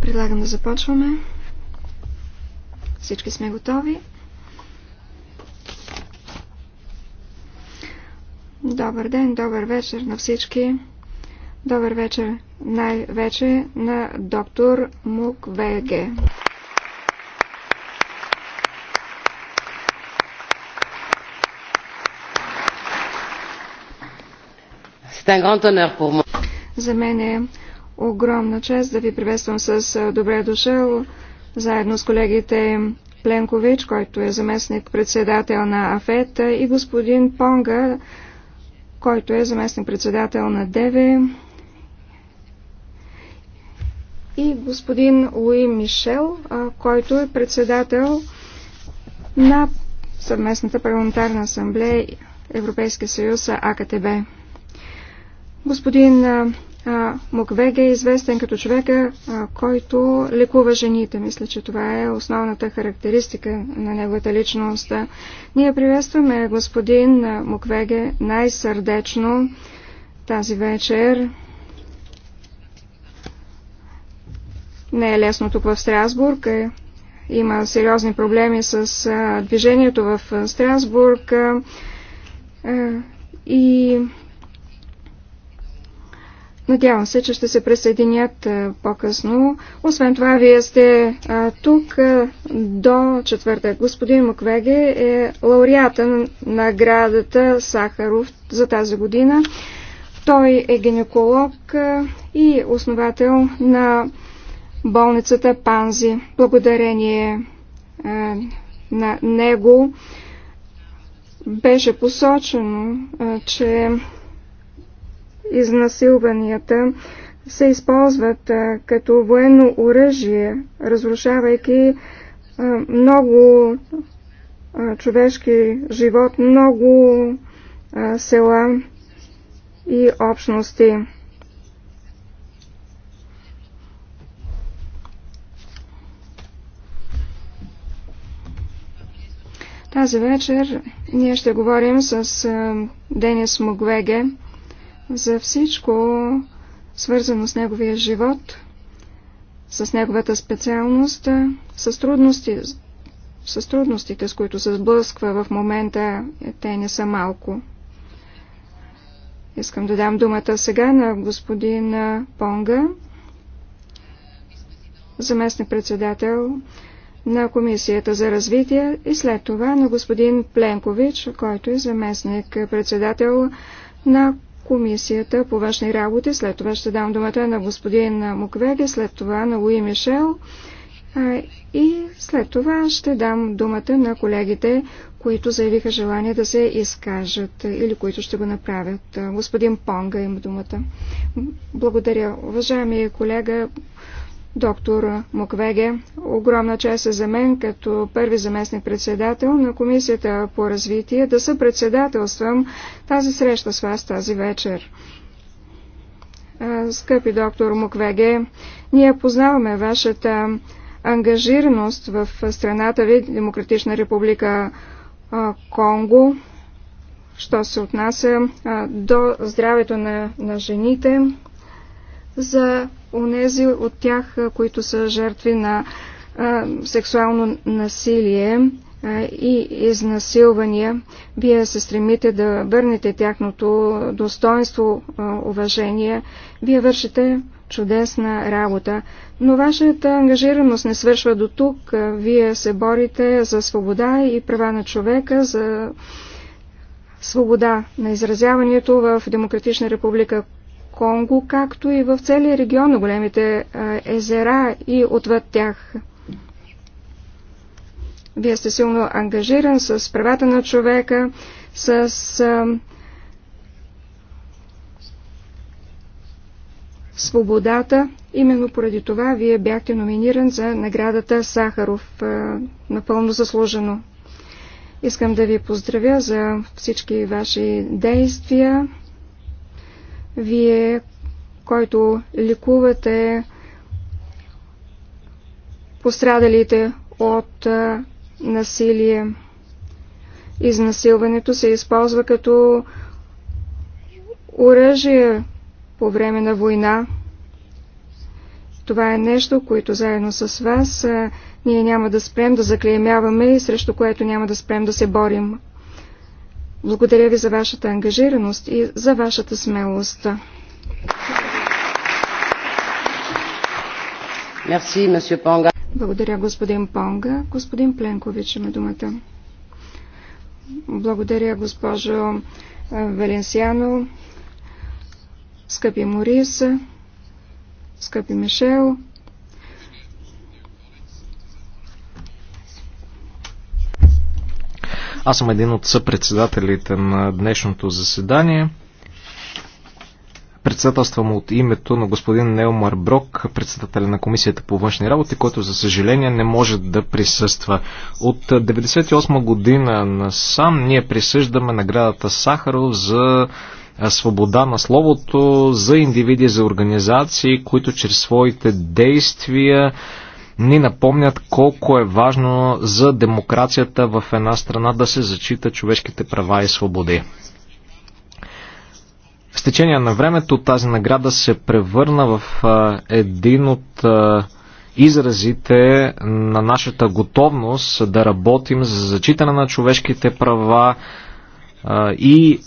Предлагам да започваме. Всички сме готови. Добър ден, добър вечер на всички. Добър вечер най-вече на доктор Муквеге. C'est un grand honneur pour moi. За мен е огромна чест да ви приветствам с добре дошъл заедно с колегите Пленкович, който е заместник председател на АФЕТ и господин Понга, който е заместник председател на ДЕВЕ и господин Луи Мишел, който е председател на съвместната парламентарна асамблея Европейския съюз АКТБ. Господин Муквеге е известен като човека, който лекува жените. Мисля, че това е основната характеристика на неговата личност. Ние приветстваме господин Муквеге най-сърдечно тази вечер. Не е лесно тук в Страсбург. Е, има сериозни проблеми с движението в Страсбург. И Надявам се, че ще се присъединят е, по-късно. Освен това, вие сте а, е, тук а, е, до четвърта. Господин Муквеге е лауреата на наградата Сахаров за тази година. Той е гинеколог а, и основател на болницата Панзи. Благодарение а, на него беше посочено, а, че изнасилванията се използват като военно оръжие, разрушавайки много човешки живот, много села и общности. Тази вечер ние ще говорим с Денис Мугвеге, за всичко свързано с неговия живот, с неговата специалност, с, трудности, с трудностите, с които се сблъсква в момента, те не са малко. Искам да дам думата сега на господин Понга, заместник председател на Комисията за развитие и след това на господин Пленкович, който е заместник председател на Комисията по външни работи. След това ще дам думата на господин Муквеге, след това на Луи Мишел. И след това ще дам думата на колегите, които заявиха желание да се изкажат или които ще го направят. Господин Понга има думата. Благодаря. Уважаеми колега, доктор Муквеге. Огромна чест е за мен като първи заместник председател на Комисията по развитие да съпредседателствам тази среща с вас тази вечер. Скъпи доктор Муквеге, ние познаваме вашата ангажираност в страната ви, Демократична република Конго, що се отнася до здравето на, на жените, за Онези от тях, които са жертви на сексуално насилие и изнасилвания. Вие се стремите да върнете тяхното достоинство, уважение. Вие вършите чудесна работа. Но вашата ангажираност не свършва до тук. Вие се борите за свобода и права на човека, за свобода на изразяването в Демократична република Конго, както и в целия регион на големите е, езера и отвъд тях. Вие сте силно ангажиран с правата на човека, с е, свободата. Именно поради това вие бяхте номиниран за наградата Сахаров. Е, напълно заслужено. Искам да ви поздравя за всички ваши действия. Вие, който ликувате пострадалите от насилие. Изнасилването се използва като оръжие по време на война. Това е нещо, което заедно с вас ние няма да спрем да заклеймяваме и срещу което няма да спрем да се борим. Благодаря ви за вашата ангажираност и за вашата смелост. Благодаря, господин Понга. Господин Пленкович има думата. Благодаря, госпожо Валенсиано, скъпи Морис, скъпи Мишел, Аз съм един от съпредседателите на днешното заседание. Председателствам от името на господин Неомар Брок, председателя на Комисията по външни работи, който за съжаление не може да присъства. От 1998 година насам ние присъждаме наградата Сахаров за свобода на словото за индивиди, за организации, които чрез своите действия ни напомнят колко е важно за демокрацията в една страна да се зачита човешките права и свободи. С течение на времето тази награда се превърна в един от изразите на нашата готовност да работим за зачитане на човешките права и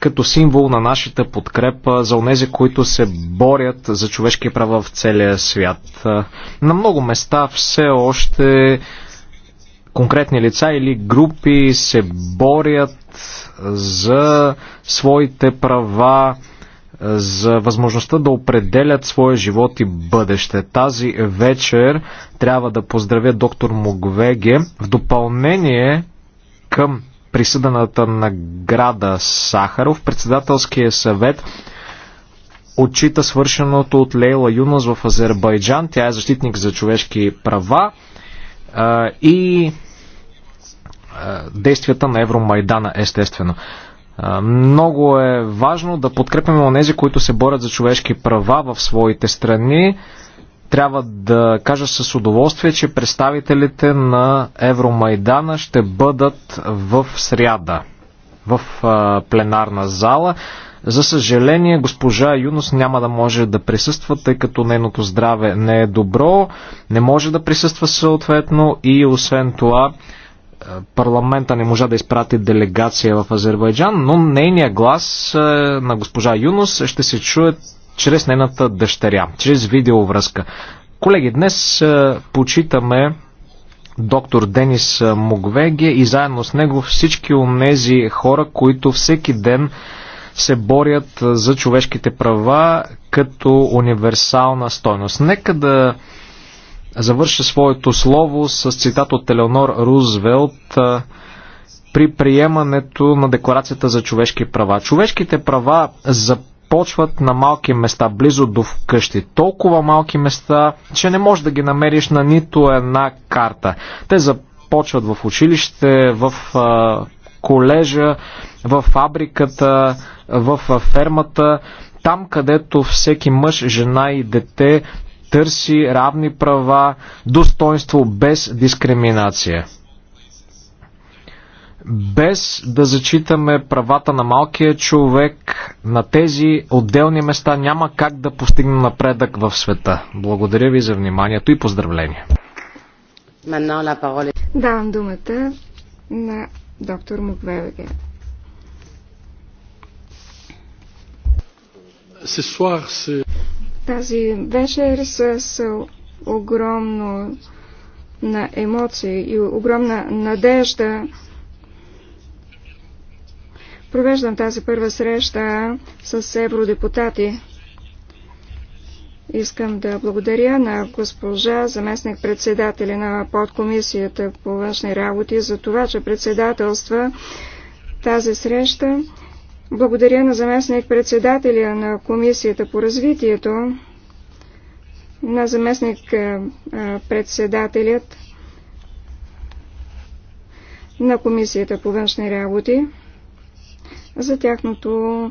като символ на нашата подкрепа за онези, които се борят за човешки права в целия свят. На много места все още конкретни лица или групи се борят за своите права, за възможността да определят своя живот и бъдеще. Тази вечер трябва да поздравя доктор Мугвеге в допълнение към присъдената награда Сахаров. Председателския съвет отчита свършеното от Лейла Юнос в Азербайджан. Тя е защитник за човешки права и действията на Евромайдана, естествено. Много е важно да подкрепяме онези, които се борят за човешки права в своите страни. Трябва да кажа с удоволствие, че представителите на Евромайдана ще бъдат в сряда в пленарна зала. За съжаление, госпожа Юнос няма да може да присъства, тъй като нейното здраве не е добро, не може да присъства съответно и освен това парламента не можа да изпрати делегация в Азербайджан, но нейният глас на госпожа Юнос ще се чуе чрез нейната дъщеря, чрез видеовръзка. Колеги, днес е, почитаме доктор Денис е, Мугвеге и заедно с него всички тези хора, които всеки ден се борят е, за човешките права като универсална стойност. Нека да завърша своето слово с цитат от Елеонор Рузвелт при приемането на Декларацията за човешки права. Човешките права за Почват на малки места, близо до вкъщи. Толкова малки места, че не можеш да ги намериш на нито една карта. Те започват в училище, в колежа, в фабриката, в фермата, там където всеки мъж, жена и дете търси равни права, достоинство без дискриминация без да зачитаме правата на малкия човек, на тези отделни места няма как да постигнем напредък в света. Благодаря ви за вниманието и поздравления. Давам думата на доктор Муквевеге. Тази вечер с огромно на емоции и огромна надежда провеждам тази първа среща с евродепутати. Искам да благодаря на госпожа заместник председателя на подкомисията по външни работи за това, че председателства тази среща. Благодаря на заместник председателя на комисията по развитието, на заместник председателят на комисията по външни работи за тяхното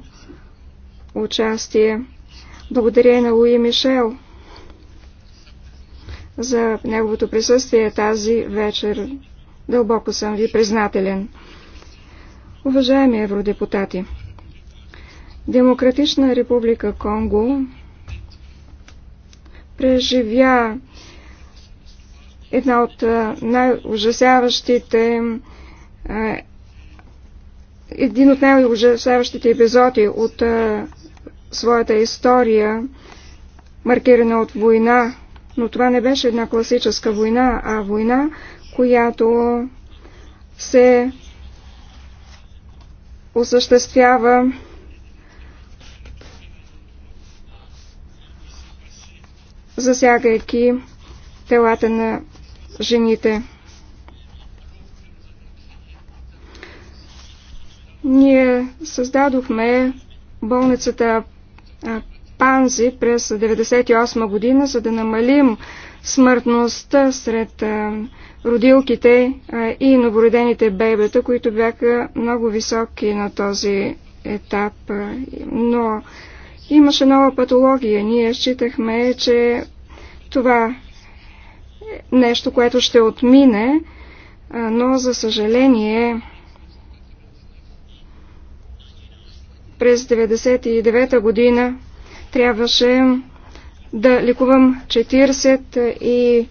участие. Благодаря и на Луи Мишел за неговото присъствие тази вечер. Дълбоко съм ви признателен. Уважаеми евродепутати, Демократична република Конго преживя една от най-ужасяващите един от най-ужасяващите епизоди от а, своята история, маркирана от война, но това не беше една класическа война, а война, която се осъществява засягайки телата на жените. Ние създадохме болницата Панзи през 1998 година, за да намалим смъртността сред родилките и новородените бебета, които бяха много високи на този етап. Но имаше нова патология. Ние считахме, че това е нещо, което ще отмине, но за съжаление През 99-та година трябваше да ликувам 45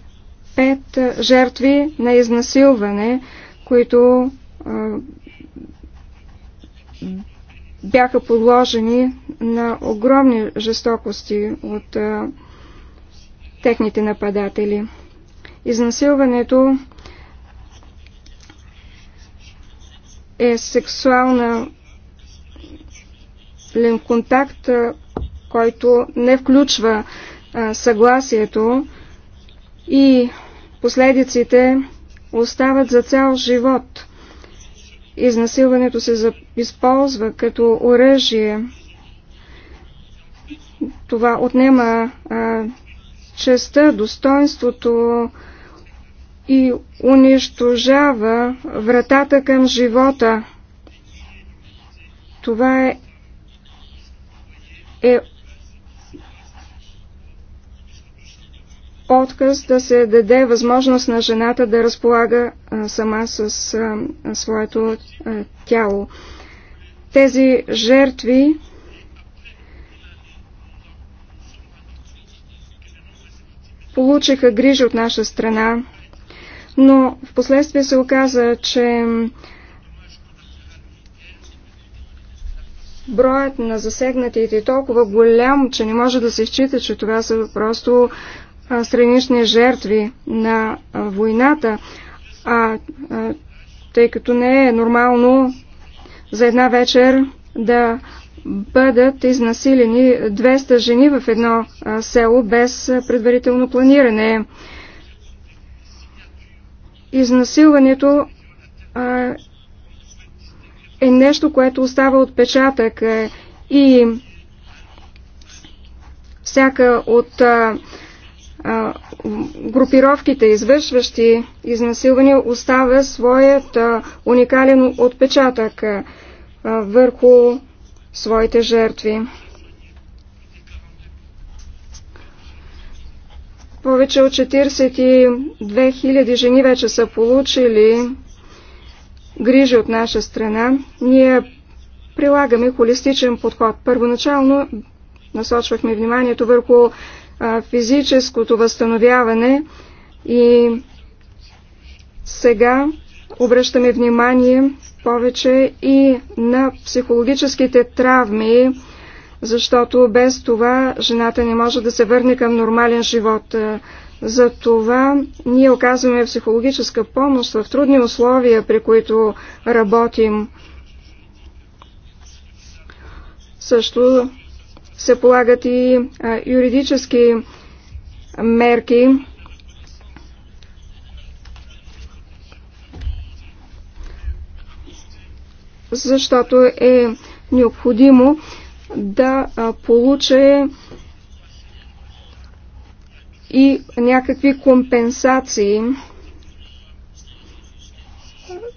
жертви на изнасилване, които а, бяха подложени на огромни жестокости от а, техните нападатели. Изнасилването е сексуална положителен контакт, който не включва съгласието и последиците остават за цял живот. Изнасилването се използва като оръжие. Това отнема а, честа, достоинството и унищожава вратата към живота. Това е е отказ да се даде възможност на жената да разполага сама с своето тяло. Тези жертви получиха грижи от наша страна, но в последствие се оказа, че броят на засегнатите е толкова голям, че не може да се счита, че това са просто странични жертви на войната, а, тъй като не е нормално за една вечер да бъдат изнасилени 200 жени в едно село без предварително планиране. Изнасилването е нещо, което остава отпечатък е, и всяка от а, а, групировките, извършващи изнасилване, оставя своят а, уникален отпечатък а, върху своите жертви. Повече от 42 000 жени вече са получили грижи от наша страна, ние прилагаме холистичен подход. Първоначално насочвахме вниманието върху физическото възстановяване и сега обръщаме внимание повече и на психологическите травми, защото без това жената не може да се върне към нормален живот. За това ние оказваме психологическа помощ в трудни условия, при които работим. Също се полагат и а, юридически мерки. Защото е необходимо да получи и някакви компенсации.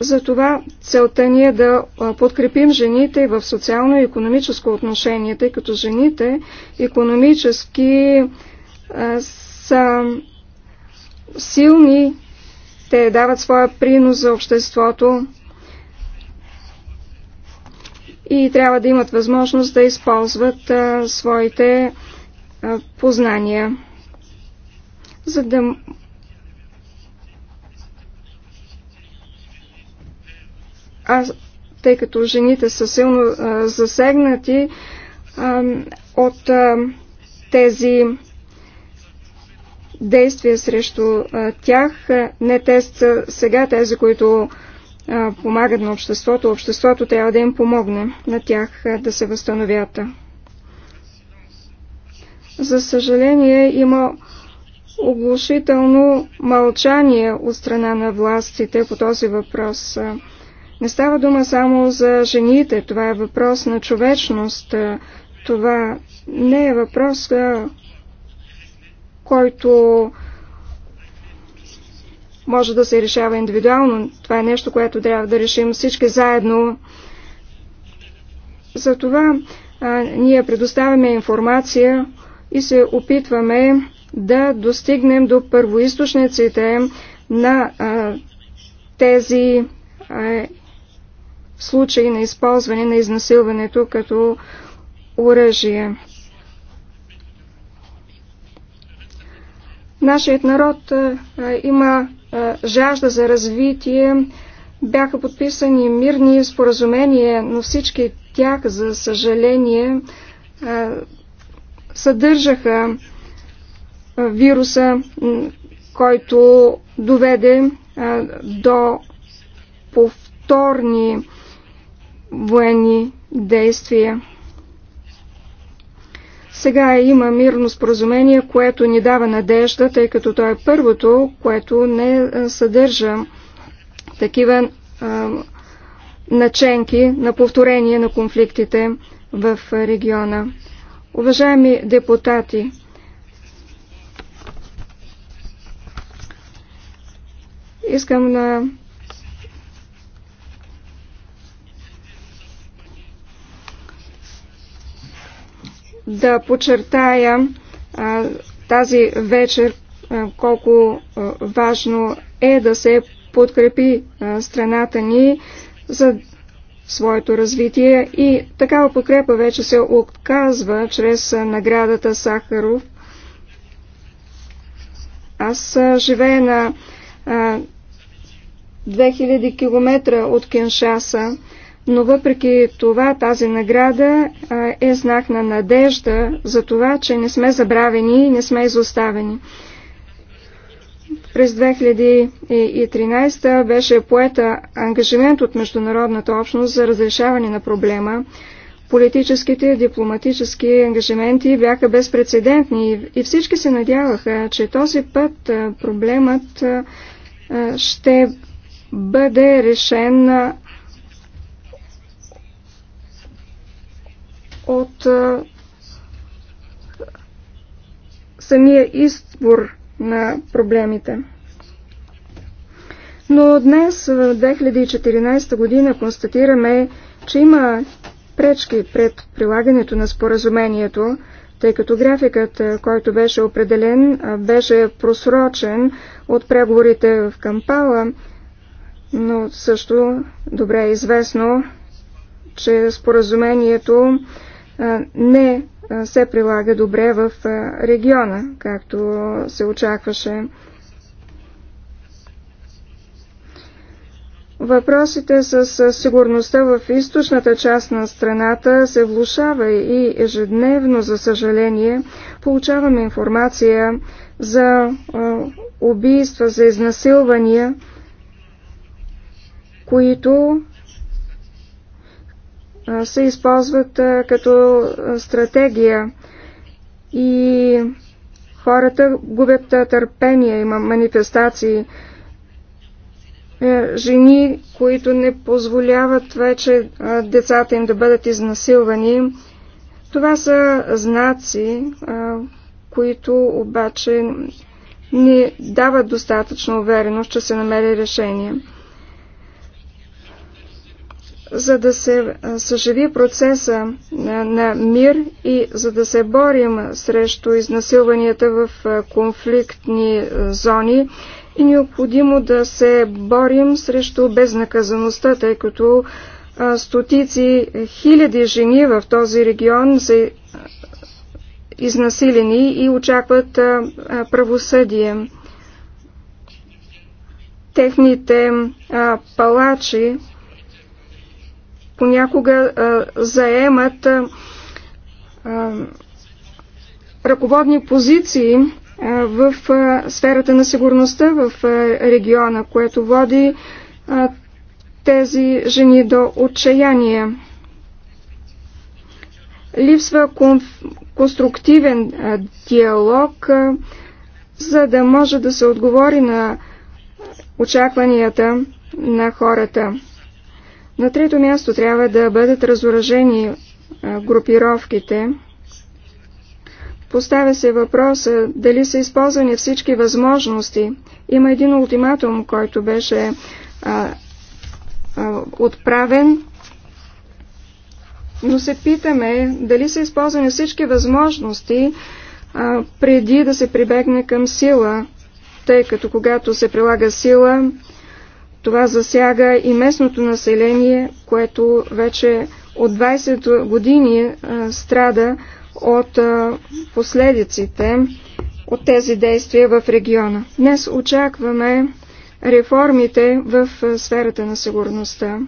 Затова целта ни е да подкрепим жените в социално и економическо отношение, тъй като жените економически са силни, те дават своя принос за обществото и трябва да имат възможност да използват своите познания за да аз, тъй като жените са силно а, засегнати а, от а, тези действия срещу а, тях. Не те са сега тези, които а, помагат на обществото. Обществото трябва да им помогне на тях а, да се възстановят. За съжаление има оглушително мълчание от страна на властите по този въпрос. Не става дума само за жените, това е въпрос на човечност. Това не е въпрос, който може да се решава индивидуално. Това е нещо, което трябва да решим всички заедно. Затова а, ние предоставяме информация и се опитваме да достигнем до първоисточниците на а, тези а, случаи на използване на изнасилването като оръжие. Нашият народ а, има а, жажда за развитие. Бяха подписани мирни споразумения, но всички тях, за съжаление, а, съдържаха вируса, който доведе до повторни военни действия. Сега има мирно споразумение, което ни дава надежда, тъй като то е първото, което не съдържа такива а, наченки на повторение на конфликтите в региона. Уважаеми депутати, Искам да да подчертая а, тази вечер а, колко а, важно е да се подкрепи а, страната ни за своето развитие и такава подкрепа вече се отказва чрез наградата Сахаров. Аз живея на 2000 км от Киншаса, но въпреки това тази награда е знак на надежда за това, че не сме забравени и не сме изоставени. През 2013 беше поета ангажимент от международната общност за разрешаване на проблема. Политическите и дипломатически ангажименти бяха безпредседентни и всички се надяваха, че този път проблемът ще бъде решен от самия избор на проблемите. Но днес, в 2014 година, констатираме, че има пречки пред прилагането на споразумението, тъй като графикът, който беше определен, беше просрочен от преговорите в Кампала но също добре е известно, че споразумението не се прилага добре в региона, както се очакваше. Въпросите с сигурността в източната част на страната се влушава и ежедневно, за съжаление, получаваме информация за убийства, за изнасилвания, които се използват като стратегия и хората губят търпение, има манифестации. Е, жени, които не позволяват вече децата им да бъдат изнасилвани. Това са знаци, които обаче ни дават достатъчно увереност, че се намери решение за да се съживи процеса на, мир и за да се борим срещу изнасилванията в конфликтни зони и необходимо да се борим срещу безнаказаността, тъй като стотици е, хиляди жени в този регион са изнасилени и очакват правосъдие. Техните палачи понякога заемат ръководни позиции в сферата на сигурността в региона, което води тези жени до отчаяние. Липсва конструктивен диалог, за да може да се отговори на очакванията на хората. На трето място трябва да бъдат разоръжени групировките. Поставя се въпроса дали са използвани всички възможности. Има един ултиматум, който беше а, а, отправен, но се питаме дали са използвани всички възможности а, преди да се прибегне към сила, тъй като когато се прилага сила, това засяга и местното население, което вече от 20 години а, страда от а, последиците от тези действия в региона. Днес очакваме реформите в сферата на сигурността.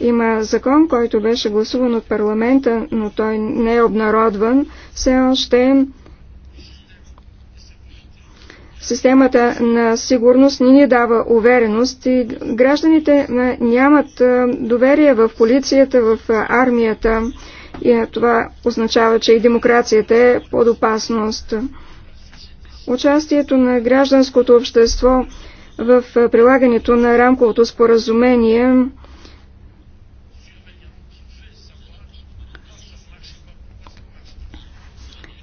Има закон, който беше гласуван от парламента, но той не е обнародван. Все още Системата на сигурност ни ни дава увереност и гражданите нямат доверие в полицията, в армията. И това означава, че и демокрацията е под опасност. Участието на гражданското общество в прилагането на рамковото споразумение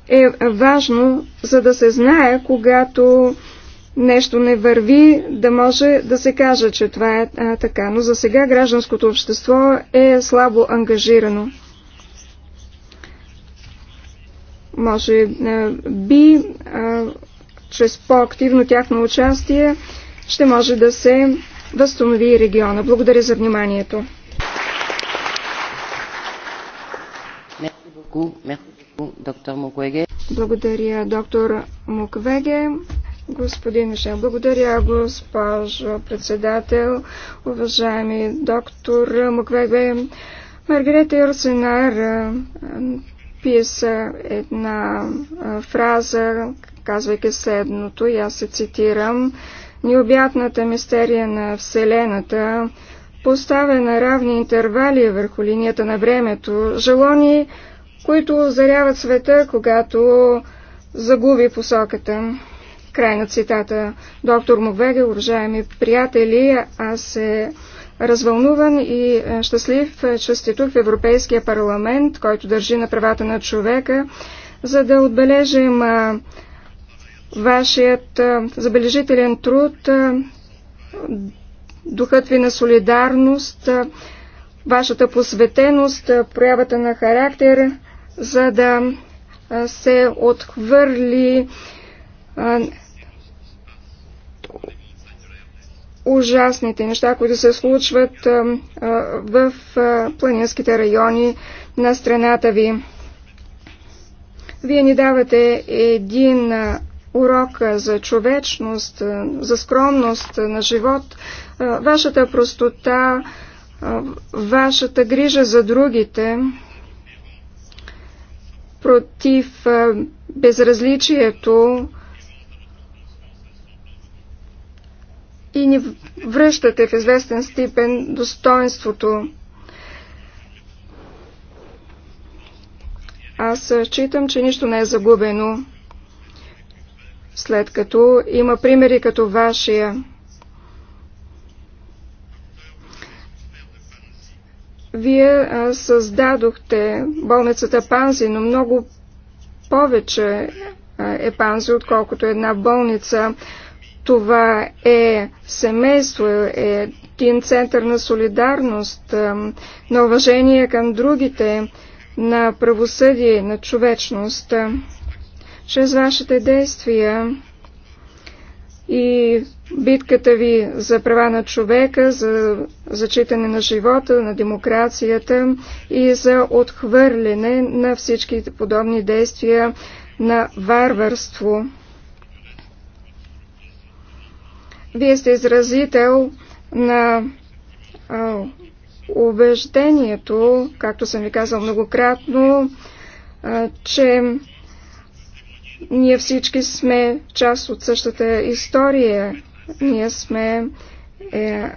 е важно, за да се знае, когато нещо не върви, да може да се каже, че това е а, така. Но за сега гражданското общество е слабо ангажирано. Може а, би, а, чрез по-активно тяхно участие, ще може да се възстанови региона. Благодаря за вниманието. Merci beaucoup. Merci. Доктор Муквеге. Благодаря, доктор Муквеге. Господин Мишел, благодаря, госпожо председател, уважаеми доктор Муквеге. Маргарета Йорсенар писа една фраза, казвайки следното, и аз се цитирам. Необятната мистерия на Вселената поставя на равни интервали върху линията на времето, желони които озаряват света, когато загуби посоката. Край на цитата. Доктор Мовеге, уважаеми приятели, аз се развълнуван и е, щастлив, е, че сте тук в Европейския парламент, който държи на правата на човека, за да отбележим е, вашият забележителен труд, духът ви на солидарност, вашата посветеност, проявата на характер, за да се отхвърли ужасните неща, които се случват в планинските райони на страната ви. Вие ни давате един урок за човечност, за скромност на живот, вашата простота, вашата грижа за другите – против безразличието и ни връщате в известен степен достоинството. Аз читам, че нищо не е загубено, след като има примери като вашия. Вие създадохте болницата Панзи, но много повече е Панзи, отколкото една болница. Това е семейство, е един център на солидарност, на уважение към другите, на правосъдие, на човечност. Чрез вашите действия и битката ви за права на човека, за зачитане на живота, на демокрацията и за отхвърляне на всички подобни действия на варварство. Вие сте изразител на а, убеждението, както съм ви казал многократно, а, че ние всички сме част от същата история. Ние сме. Е,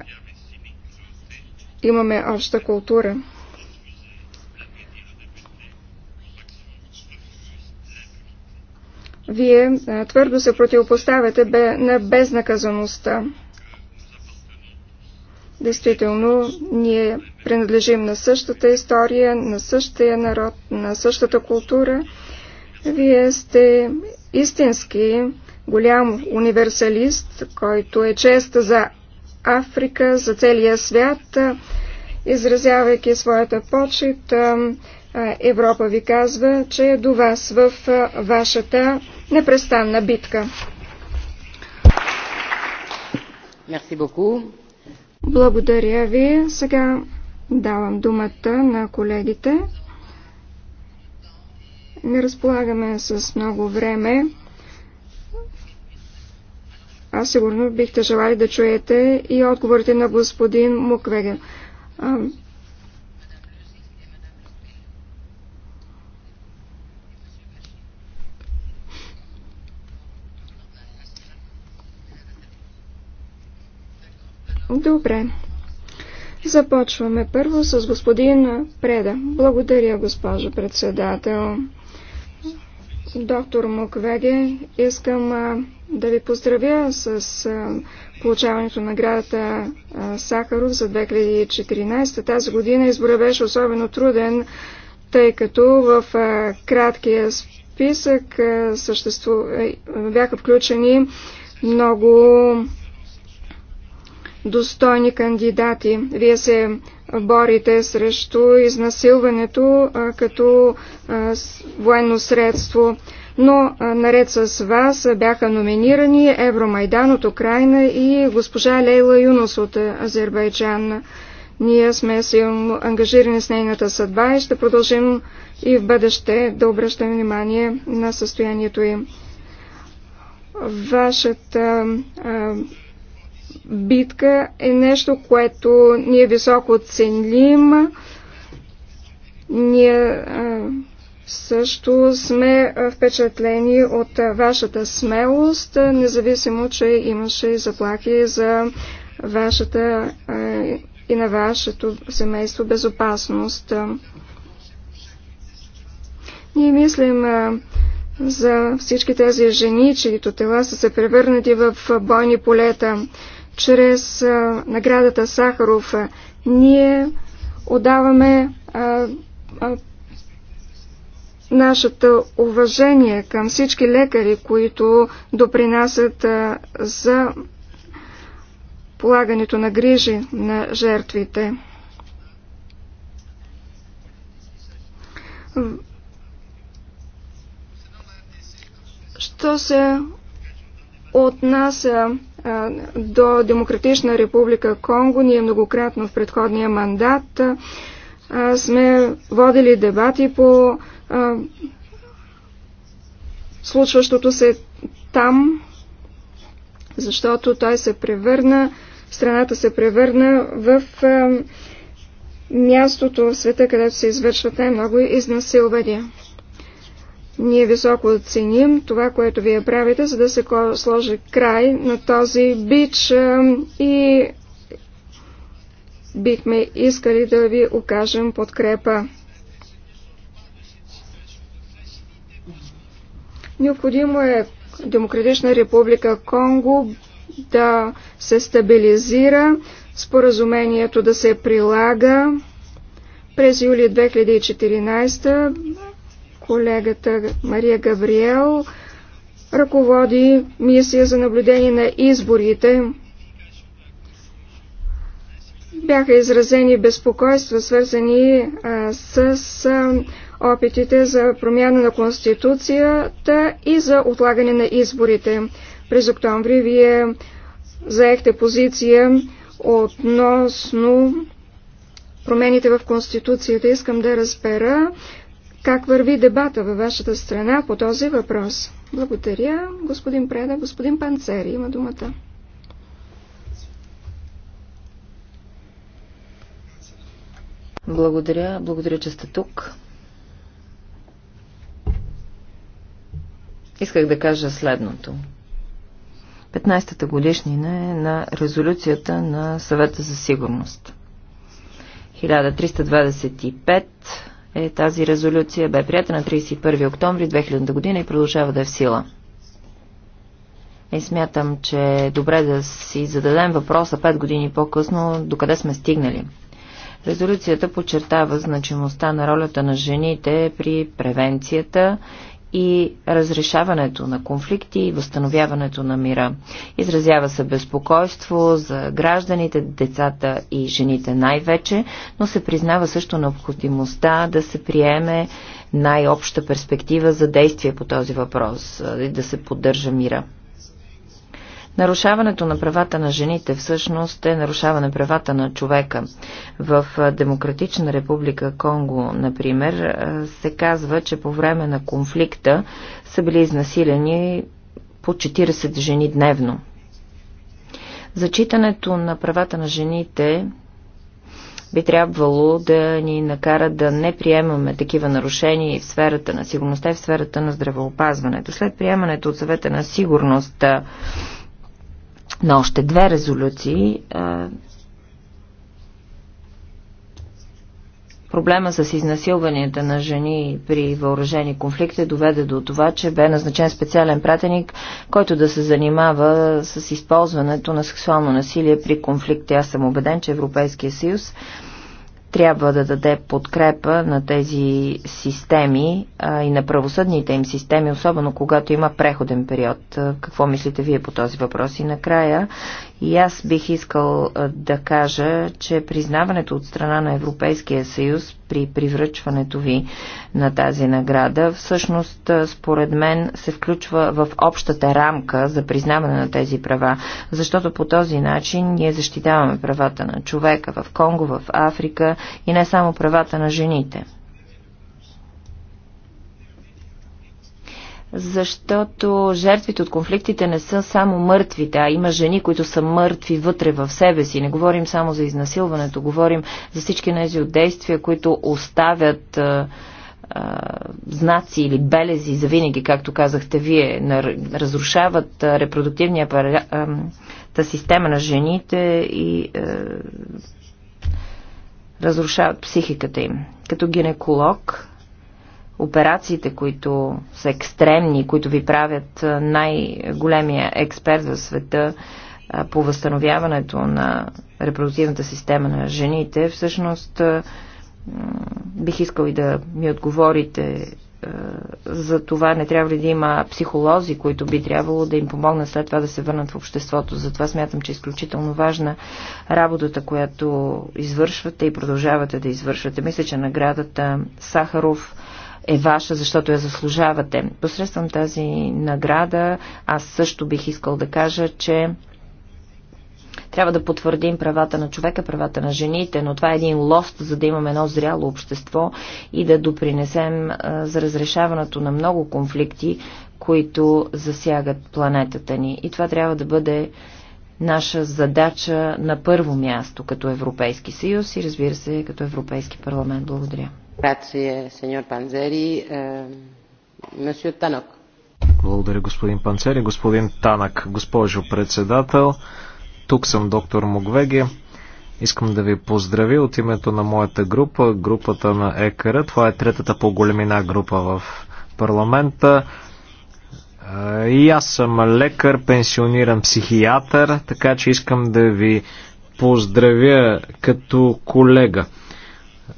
имаме обща култура. Вие е, твърдо се противопоставяте на безнаказаността. Действително, ние принадлежим на същата история, на същия народ, на същата култура. Вие сте истински голям универсалист, който е чест за Африка, за целия свят, изразявайки своята почет. Европа ви казва, че е до вас в вашата непрестанна битка. Благодаря ви. Сега давам думата на колегите. Не разполагаме с много време. Аз сигурно бихте желали да чуете и отговорите на господин Муквеген. Добре. Започваме първо с господин Преда. Благодаря, госпожо председател. Доктор Муквеге, искам а, да ви поздравя с а, получаването на градата а, Сахаров за 2014. Тази година избора беше особено труден, тъй като в а, краткия списък а, съществу... бяха включени много достойни кандидати. Вие се борите срещу изнасилването като военно средство. Но наред с вас бяха номинирани Евромайдан от Украина и госпожа Лейла Юнос от Азербайджан. Ние сме се ангажирани с нейната съдба и ще продължим и в бъдеще да обръщаме внимание на състоянието им. Вашата битка е нещо, което ние високо ценим. Ние а, също сме впечатлени от вашата смелост, независимо, че имаше заплахи за вашата а, и на вашето семейство безопасност. Ние мислим а, за всички тези жени, чието тела са се превърнати в бойни полета чрез наградата Сахаров ние отдаваме нашата уважение към всички лекари, които допринасят за полагането на грижи на жертвите. Що се отнася до Демократична република Конго. Ние многократно в предходния мандат сме водили дебати по случващото се там, защото той се превърна, страната се превърна в мястото в света, където се извършват най-много изнасилвания. Ние високо оценим това, което вие правите, за да се сложи край на този бич и бихме искали да ви окажем подкрепа. Необходимо е Демократична република Конго да се стабилизира, споразумението да се прилага. През юли 2014 Колегата Мария Габриел ръководи мисия за наблюдение на изборите. Бяха изразени безпокойства, свързани а, с а, опитите за промяна на Конституцията и за отлагане на изборите. През октомври вие заехте позиция относно промените в Конституцията. Искам да разбера как върви дебата във вашата страна по този въпрос. Благодаря, господин Преда. Господин Панцери има думата. Благодаря. Благодаря, че сте тук. Исках да кажа следното. 15-та годишнина е на резолюцията на съвета за сигурност. 1325 е, тази резолюция бе прията на 31 октомври 2000 година и продължава да е в сила. И смятам, че е добре да си зададем въпроса 5 години по-късно, докъде сме стигнали. Резолюцията подчертава значимостта на ролята на жените при превенцията и разрешаването на конфликти и възстановяването на мира. Изразява се безпокойство за гражданите, децата и жените най-вече, но се признава също необходимостта да се приеме най-обща перспектива за действие по този въпрос и да се поддържа мира. Нарушаването на правата на жените всъщност е нарушаване правата на човека. В Демократична република Конго, например, се казва, че по време на конфликта са били изнасилени по 40 жени дневно. Зачитането на правата на жените би трябвало да ни накара да не приемаме такива нарушения и в сферата на сигурността и в сферата на здравеопазването. След приемането от съвета на сигурност на още две резолюции. Проблема с изнасилванията на жени при въоръжени конфликти доведе до това, че бе назначен специален пратеник, който да се занимава с използването на сексуално насилие при конфликти. Аз съм убеден, че Европейския съюз трябва да даде подкрепа на тези системи а, и на правосъдните им системи, особено когато има преходен период. Какво мислите вие по този въпрос? И накрая и аз бих искал да кажа, че признаването от страна на Европейския съюз при привръчването ви на тази награда, всъщност, според мен, се включва в общата рамка за признаване на тези права, защото по този начин ние защитаваме правата на човека в Конго, в Африка и не само правата на жените. защото жертвите от конфликтите не са само мъртвите, а има жени, които са мъртви вътре в себе си. Не говорим само за изнасилването, говорим за всички тези от действия, които оставят а, а, знаци или белези за винаги, както казахте вие, на, разрушават а, репродуктивния пара, а, та система на жените и а, разрушават психиката им. Като гинеколог операциите, които са екстремни, които ви правят най-големия експерт в света по възстановяването на репродуктивната система на жените, всъщност бих искал и да ми отговорите за това не трябва ли да има психолози, които би трябвало да им помогнат след това да се върнат в обществото. Затова смятам, че е изключително важна работата, която извършвате и продължавате да извършвате. Мисля, че наградата Сахаров е ваша, защото я заслужавате. Посредством тази награда аз също бих искал да кажа, че трябва да потвърдим правата на човека, правата на жените, но това е един лост, за да имаме едно зряло общество и да допринесем за разрешаването на много конфликти, които засягат планетата ни. И това трябва да бъде наша задача на първо място като Европейски съюз и разбира се като Европейски парламент. Благодаря. Eh, Благодаря, господин Панцери. Господин Танак, госпожо председател, тук съм доктор Мугвеги. Искам да ви поздравя от името на моята група, групата на ЕКР. Това е третата по големина група в парламента. Е, и аз съм лекар, пенсиониран психиатър, така че искам да ви поздравя като колега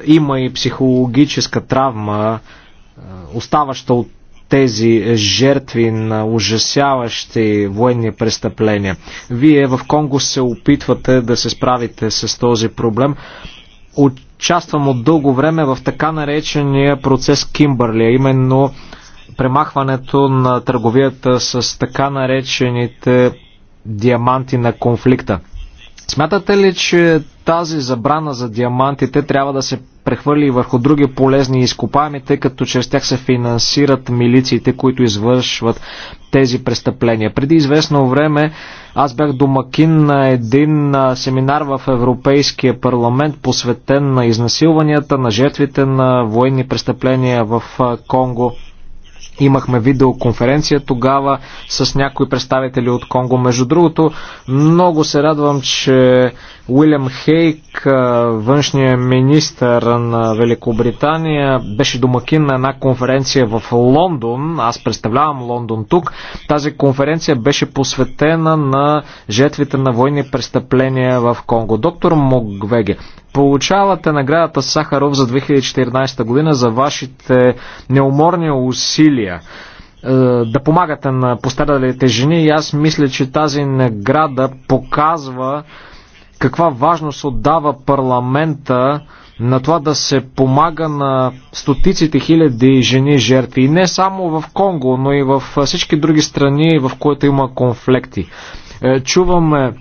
има и психологическа травма, е, оставаща от тези жертви на ужасяващи военни престъпления. Вие в Конго се опитвате да се справите с този проблем. Участвам от дълго време в така наречения процес Кимбърли, а именно премахването на търговията с така наречените диаманти на конфликта. Смятате ли, че тази забрана за диамантите трябва да се прехвърли върху други полезни изкопаеми, тъй като чрез тях се финансират милициите, които извършват тези престъпления. Преди известно време аз бях домакин на един семинар в Европейския парламент, посветен на изнасилванията на жертвите на военни престъпления в Конго. Имахме видеоконференция тогава с някои представители от Конго. Между другото, много се радвам, че Уилям Хейк, външния министр на Великобритания, беше домакин на една конференция в Лондон. Аз представлявам Лондон тук. Тази конференция беше посветена на жертвите на войни престъпления в Конго. Доктор Мугвеге, получавате наградата Сахаров за 2014 година за вашите неуморни усилия да помагате на пострадалите жени и аз мисля, че тази награда показва каква важност отдава парламента на това да се помага на стотиците хиляди жени жертви. И не само в Конго, но и в всички други страни, в които има конфликти. Е, чуваме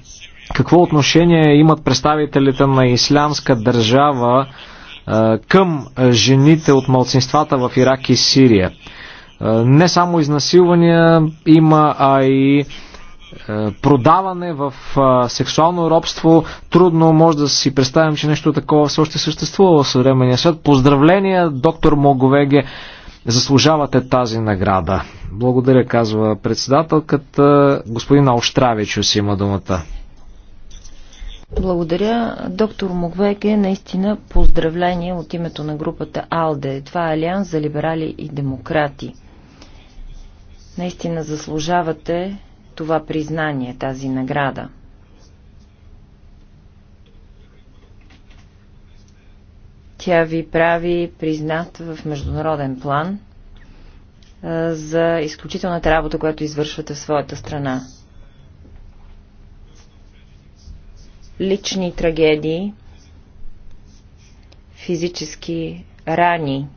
какво отношение имат представителите на ислямска държава е, към жените от малцинствата в Ирак и Сирия. Е, не само изнасилвания има, а и е, продаване, в сексуално робство. Трудно може да си представим, че нещо такова все още съществува в съвременния свят. Поздравления, доктор Моговеге, заслужавате тази награда. Благодаря, казва председателката. Господин си има думата. Благодаря. Доктор Мугвеге, наистина поздравление от името на групата АЛДЕ. Това е Алианс за либерали и демократи. Наистина заслужавате това признание, тази награда. Тя ви прави признат в международен план за изключителната работа, която извършвате в своята страна. Лични трагедии, физически рани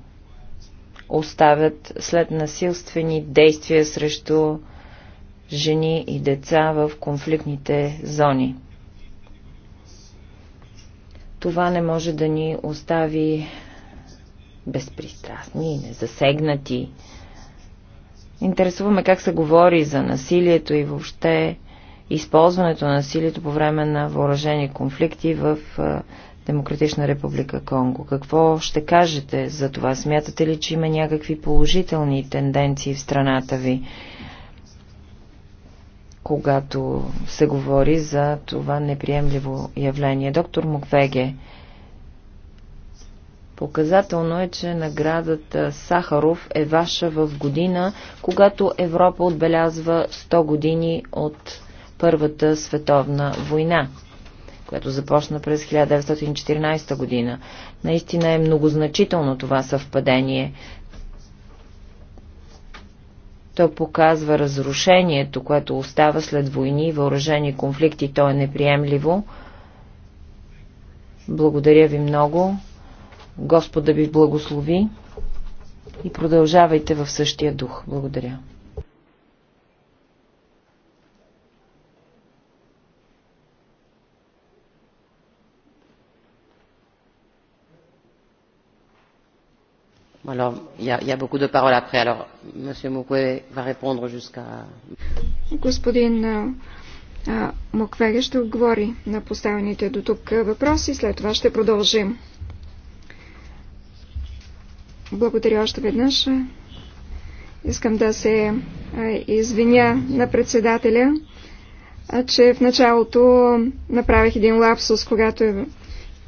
оставят след насилствени действия срещу жени и деца в конфликтните зони. Това не може да ни остави безпристрастни и незасегнати. Интересуваме как се говори за насилието и въобще използването на насилието по време на въоръжени конфликти в Демократична република Конго. Какво ще кажете за това? Смятате ли, че има някакви положителни тенденции в страната ви? когато се говори за това неприемливо явление. Доктор Муквеге, показателно е, че наградата Сахаров е ваша в година, когато Европа отбелязва 100 години от Първата световна война която започна през 1914 година. Наистина е многозначително това съвпадение. Той показва разрушението, което остава след войни и въоръжени конфликти. То е неприемливо. Благодаря ви много. Господа ви благослови и продължавайте в същия дух. Благодаря. il y, a beaucoup de paroles après. Alors, Mukwege va répondre jusqu'à. Господин Муквеге ще отговори на поставените до тук въпроси. След това ще продължим. Благодаря още веднъж. Искам да се извиня на председателя, че в началото направих един лапсус, когато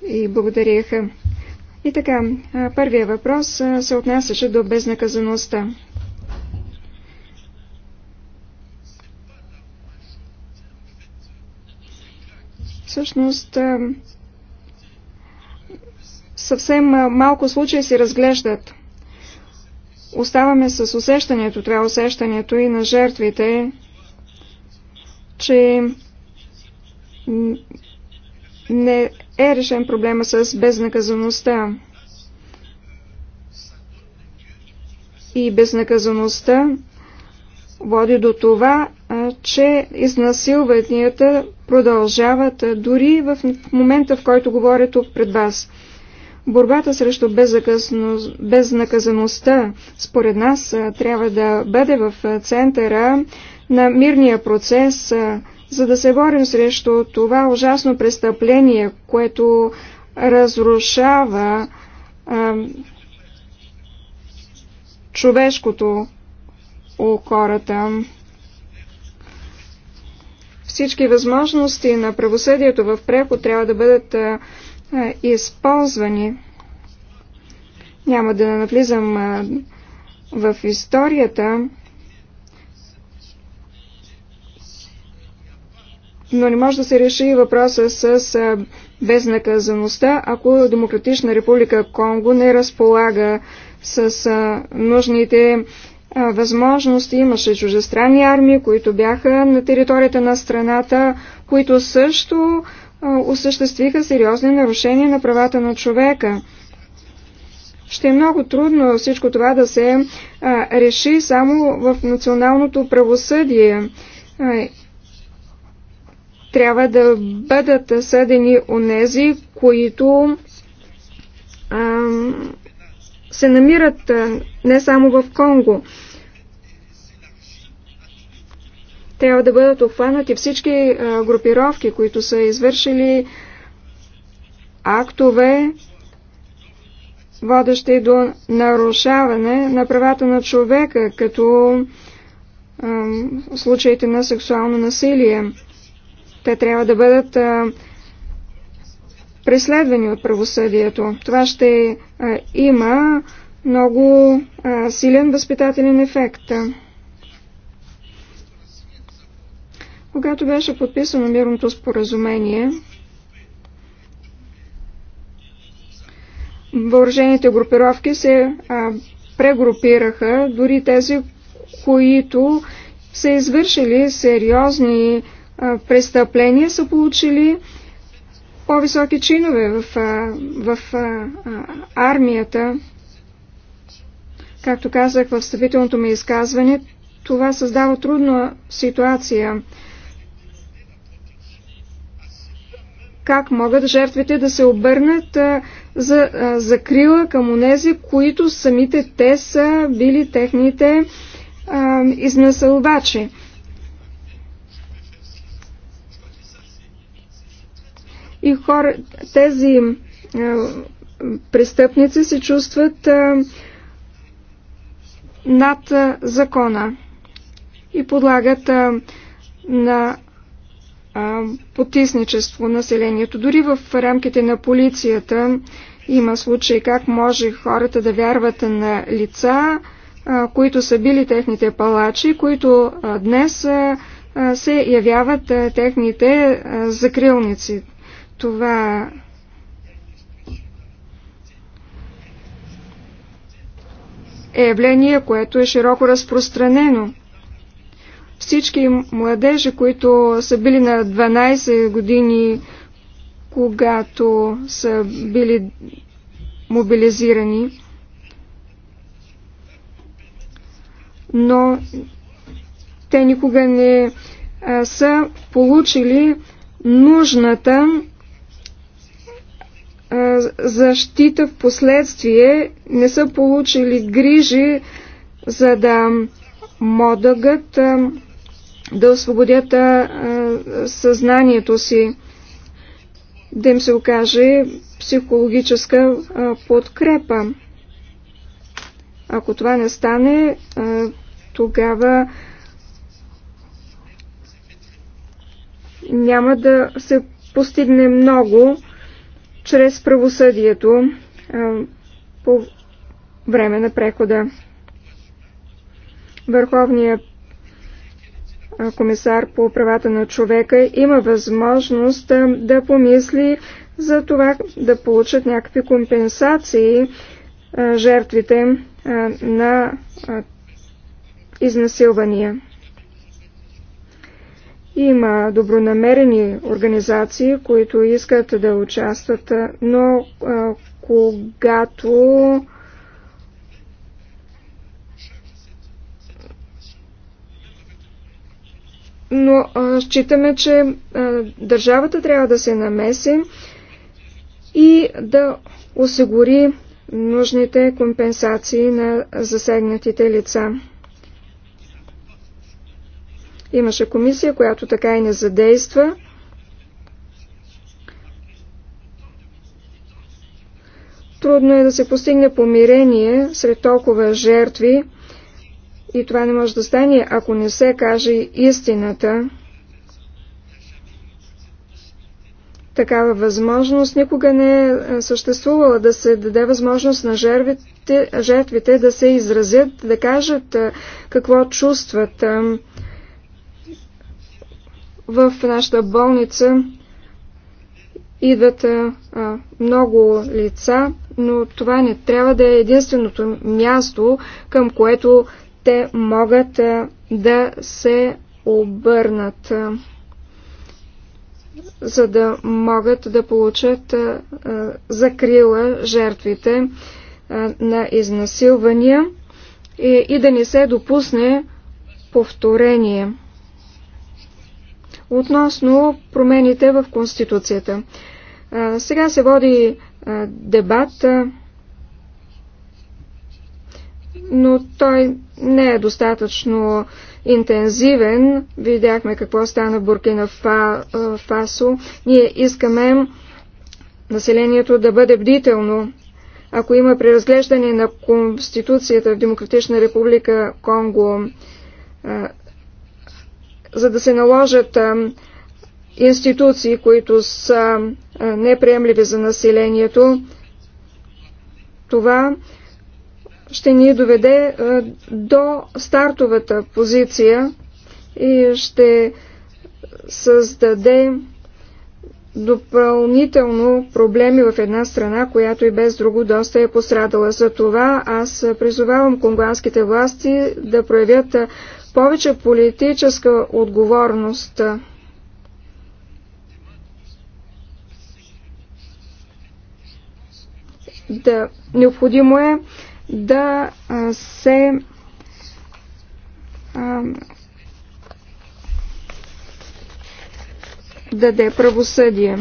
и благодарих и така, първия въпрос се отнасяше до безнаказаността. Всъщност, съвсем малко случаи се разглеждат. Оставаме с усещането, това е усещането и на жертвите, че не е решен проблема с безнаказаността. И безнаказаността води до това, че изнасилванията продължават дори в момента, в който говоря тук пред вас. Борбата срещу безнаказаността, според нас, трябва да бъде в центъра на мирния процес, за да се борим срещу това ужасно престъпление, което разрушава а, човешкото у хората. Всички възможности на правосъдието в преход трябва да бъдат а, а, използвани. Няма да навлизам а, в историята. но не може да се реши въпроса с безнаказаността, ако Демократична република Конго не разполага с нужните възможности. Имаше чужестранни армии, които бяха на територията на страната, които също осъществиха сериозни нарушения на правата на човека. Ще е много трудно всичко това да се реши само в националното правосъдие трябва да бъдат съдени онези, които а, се намират а, не само в Конго. Трябва да бъдат обхванати всички а, групировки, които са извършили актове, водещи до нарушаване на правата на човека, като а, случаите на сексуално насилие. Те трябва да бъдат преследвани от правосъдието. Това ще има много силен възпитателен ефект. Когато беше подписано мирното споразумение, въоръжените групировки се а, прегрупираха, дори тези, които са извършили сериозни престъпления са получили по-високи чинове в, в, в армията. Както казах в встъпителното ми изказване, това създава трудна ситуация. Как могат жертвите да се обърнат за закрила към онези, които самите те са били техните изнасълбачи? и хора, тези престъпници се чувстват над закона и подлагат на потисничество населението. Дори в рамките на полицията има случаи как може хората да вярват на лица, които са били техните палачи, които днес се явяват техните закрилници. Това е явление, което е широко разпространено. Всички младежи, които са били на 12 години, когато са били мобилизирани, но те никога не а, са получили нужната защита в последствие, не са получили грижи, за да могат да освободят съзнанието си, да им се окаже психологическа подкрепа. Ако това не стане, тогава няма да се постигне много чрез правосъдието по време на прехода. Върховният комисар по правата на човека има възможност да помисли за това да получат някакви компенсации жертвите на изнасилвания. Има добронамерени организации, които искат да участват, но а, когато но а, считаме, че а, държавата трябва да се намеси и да осигури нужните компенсации на засегнатите лица. Имаше комисия, която така и не задейства. Трудно е да се постигне помирение сред толкова жертви и това не може да стане, ако не се каже истината. Такава възможност никога не е, е съществувала да се даде възможност на жертвите, жертвите да се изразят, да кажат е, какво чувстват в нашата болница идват а, много лица, но това не трябва да е единственото място, към което те могат а, да се обърнат, а, за да могат да получат а, а, закрила жертвите а, на изнасилвания и, и да не се допусне повторение относно промените в Конституцията. Сега се води дебат, но той не е достатъчно интензивен. Видяхме какво стана в Буркина Фасо. Ние искаме населението да бъде бдително. Ако има преразглеждане на Конституцията в Демократична република Конго, за да се наложат институции, които са неприемливи за населението, това ще ни доведе до стартовата позиция и ще създаде допълнително проблеми в една страна, която и без друго доста е пострадала. За това аз призовавам конгуанските власти да проявят повече политическа отговорност. Да, необходимо е да се а, даде правосъдие.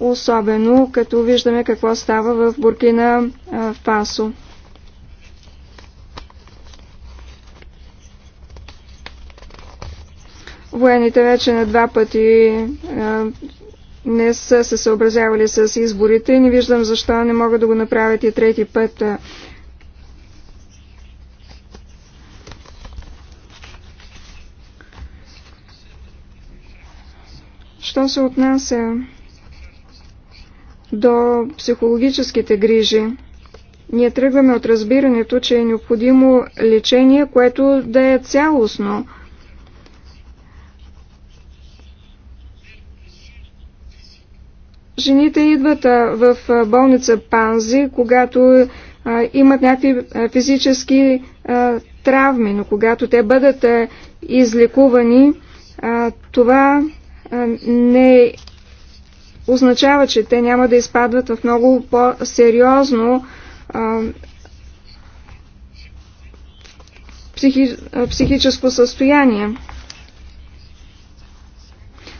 Особено като виждаме какво става в Буркина Фасо. Военните вече на два пъти не са се съобразявали с изборите и не виждам защо не могат да го направят и трети път. Що се отнася до психологическите грижи, ние тръгваме от разбирането, че е необходимо лечение, което да е цялостно – Жените идват в болница Панзи, когато имат някакви физически травми, но когато те бъдат излекувани, това не означава, че те няма да изпадват в много по-сериозно психи, психическо състояние.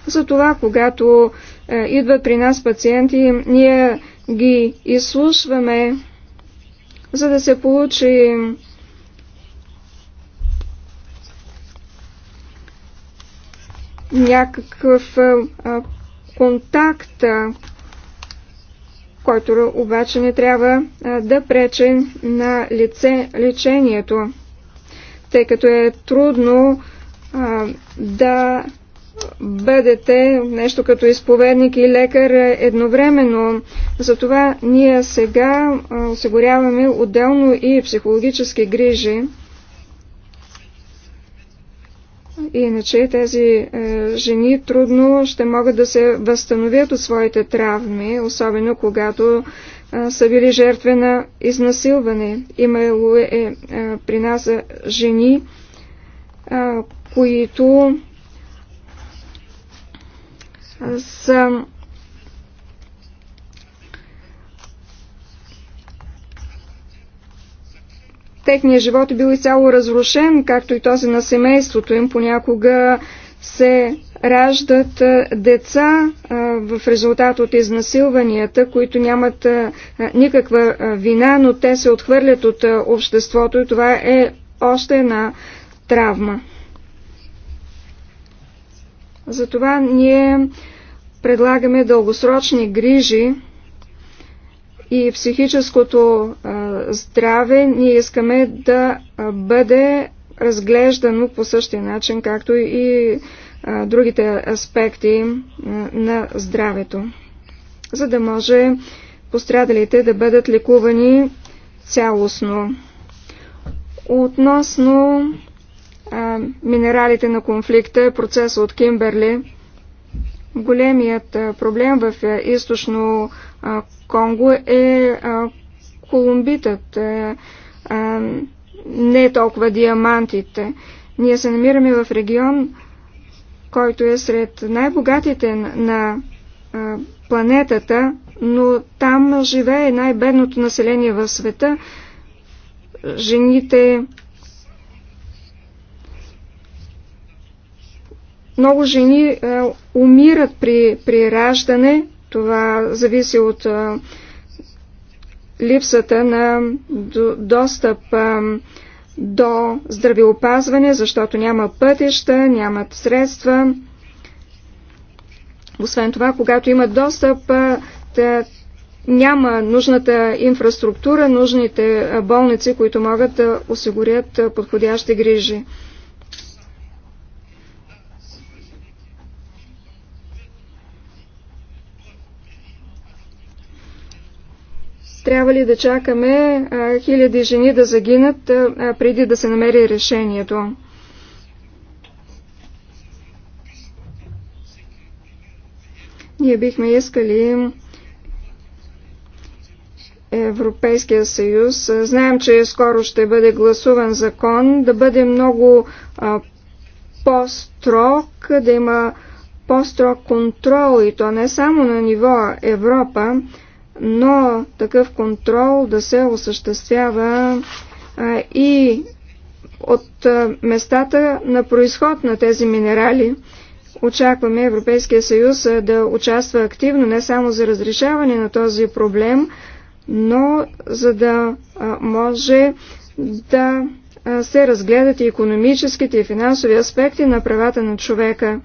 Затова, когато е, идват при нас пациенти, ние ги изслушваме, за да се получи някакъв е, контакт, е, който обаче не трябва да пречи на лице лечението, тъй като е трудно да бъдете нещо като изповедник и лекар е едновременно. Затова ние сега осигуряваме отделно и психологически грижи. Иначе тези е, жени трудно ще могат да се възстановят от своите травми, особено когато е, са били жертви на изнасилване. Имало е при нас жени, които с Техният живот е бил изцяло разрушен, както и този на семейството им. Понякога се раждат деца в резултат от изнасилванията, които нямат никаква вина, но те се отхвърлят от обществото и това е още една травма. Затова ние предлагаме дългосрочни грижи и психическото здраве. Ние искаме да бъде разглеждано по същия начин, както и другите аспекти на здравето, за да може пострадалите да бъдат лекувани цялостно. Относно минералите на конфликта, е процеса от Кимберли. Големият проблем в източно Конго е колумбитът, е, не е толкова диамантите. Ние се намираме в регион, който е сред най-богатите на планетата, но там живее най-бедното население в света. Жените Много жени е, умират при, при раждане. Това зависи от е, липсата на достъп е, до здравеопазване, защото няма пътища, нямат средства. Освен това, когато имат достъп, те, няма нужната инфраструктура, нужните болници, които могат да осигурят подходящи грижи. Трябва ли да чакаме а, хиляди жени да загинат а, преди да се намери решението? Ние бихме искали Европейския съюз. Знаем, че скоро ще бъде гласуван закон, да бъде много по-строг, да има по-строг контрол и то не само на ниво Европа, но такъв контрол да се осъществява а, и от а, местата на происход на тези минерали. Очакваме Европейския съюз а, да участва активно не само за разрешаване на този проблем, но за да а, може да а, се разгледат и економическите и финансови аспекти на правата на човека.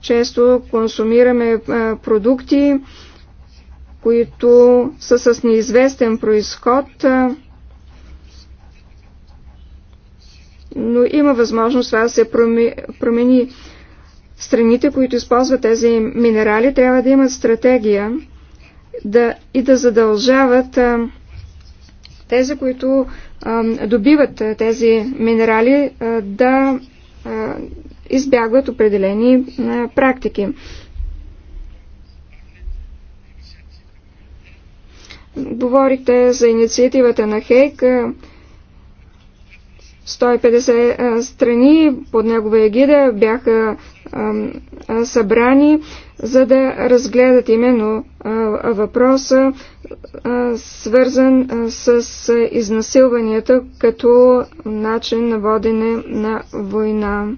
Често консумираме продукти, които са с неизвестен происход, но има възможност това да се промени. Страните, които използват тези минерали, трябва да имат стратегия да, и да задължават тези, които добиват тези минерали, да избягват определени практики. Говорихте за инициативата на ХЕК. 150 страни под негова егида бяха събрани, за да разгледат именно въпроса, свързан с изнасилванията като начин на водене на война.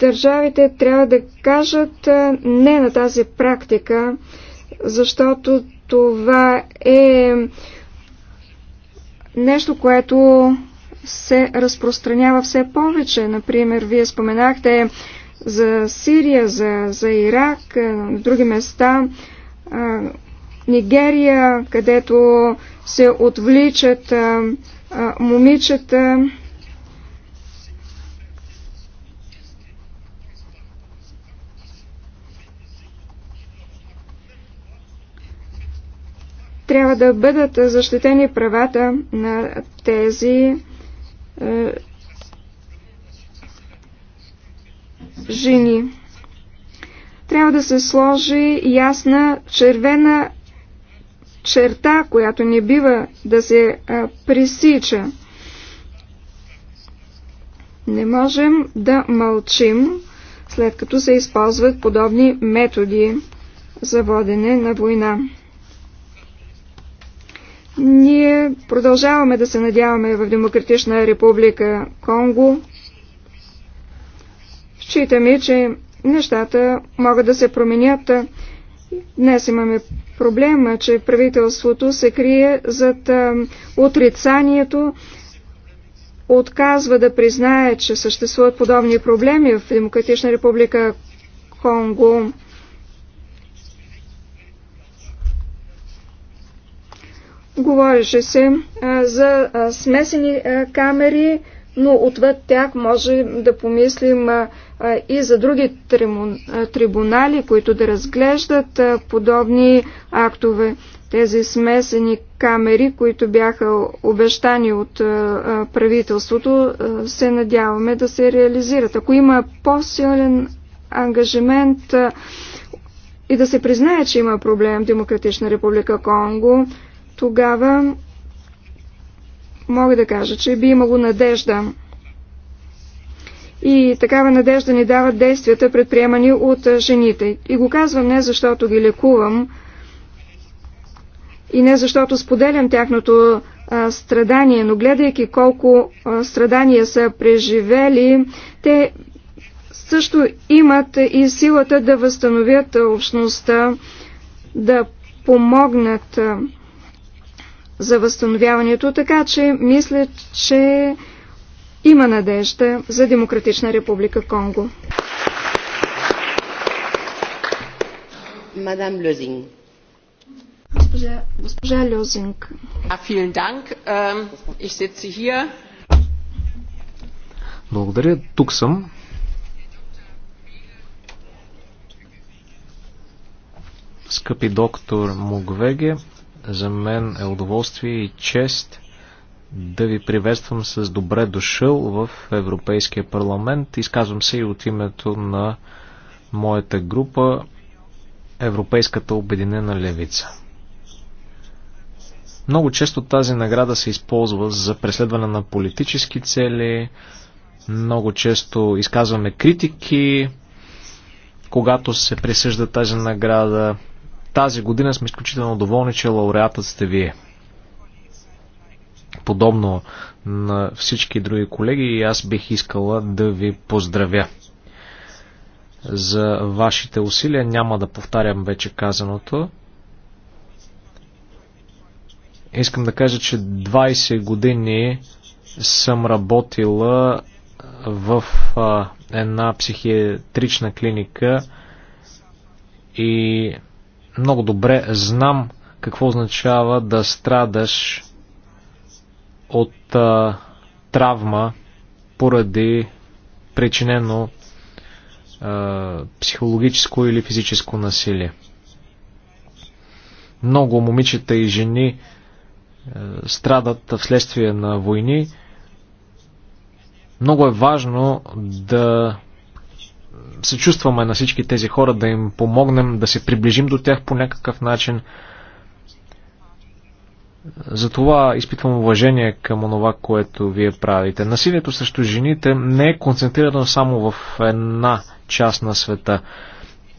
Държавите трябва да кажат не на тази практика, защото това е нещо, което се разпространява все повече. Например, вие споменахте за Сирия, за, за Ирак, други места, Нигерия, където се отвличат момичета трябва да бъдат защитени правата на тези е, жени. Трябва да се сложи ясна червена черта, която не бива да се а, е, пресича. Не можем да мълчим, след като се използват подобни методи за водене на война. Ние продължаваме да се надяваме в Демократична република Конго. Считаме, че нещата могат да се променят. Днес имаме проблема, че правителството се крие зад отрицанието, отказва да признае, че съществуват подобни проблеми в Демократична република Конго. Говореше се за смесени камери, но отвъд тях може да помислим и за други трибунали, които да разглеждат подобни актове. Тези смесени камери, които бяха обещани от правителството, се надяваме да се реализират. Ако има по-силен ангажимент и да се признае, че има проблем в Демократична република Конго, тогава мога да кажа, че би имало надежда. И такава надежда ни дават действията, предприемани от жените. И го казвам не защото ги лекувам и не защото споделям тяхното страдание, но гледайки колко страдания са преживели, те също имат и силата да възстановят общността, да помогнат за възстановяването, така че мисля, че има надежда за Демократична република Конго. Мадам Лозинг. Госпожа, госпожа Лозинг. Благодаря, тук съм. Скъпи доктор Мугвеге, за мен е удоволствие и чест да ви приветствам с добре дошъл в Европейския парламент. Изказвам се и от името на моята група Европейската обединена левица. Много често тази награда се използва за преследване на политически цели, много често изказваме критики, когато се присъжда тази награда. Тази година сме изключително доволни, че лауреатът сте вие. Подобно на всички други колеги и аз бих искала да ви поздравя за вашите усилия. Няма да повтарям вече казаното. Искам да кажа, че 20 години съм работила в а, една психиатрична клиника и много добре знам какво означава да страдаш от а, травма поради причинено а, психологическо или физическо насилие. Много момичета и жени а, страдат вследствие на войни. Много е важно да съчувстваме на всички тези хора, да им помогнем, да се приближим до тях по някакъв начин. Затова изпитвам уважение към онова, което вие правите. Насилието срещу жените не е концентрирано само в една част на света.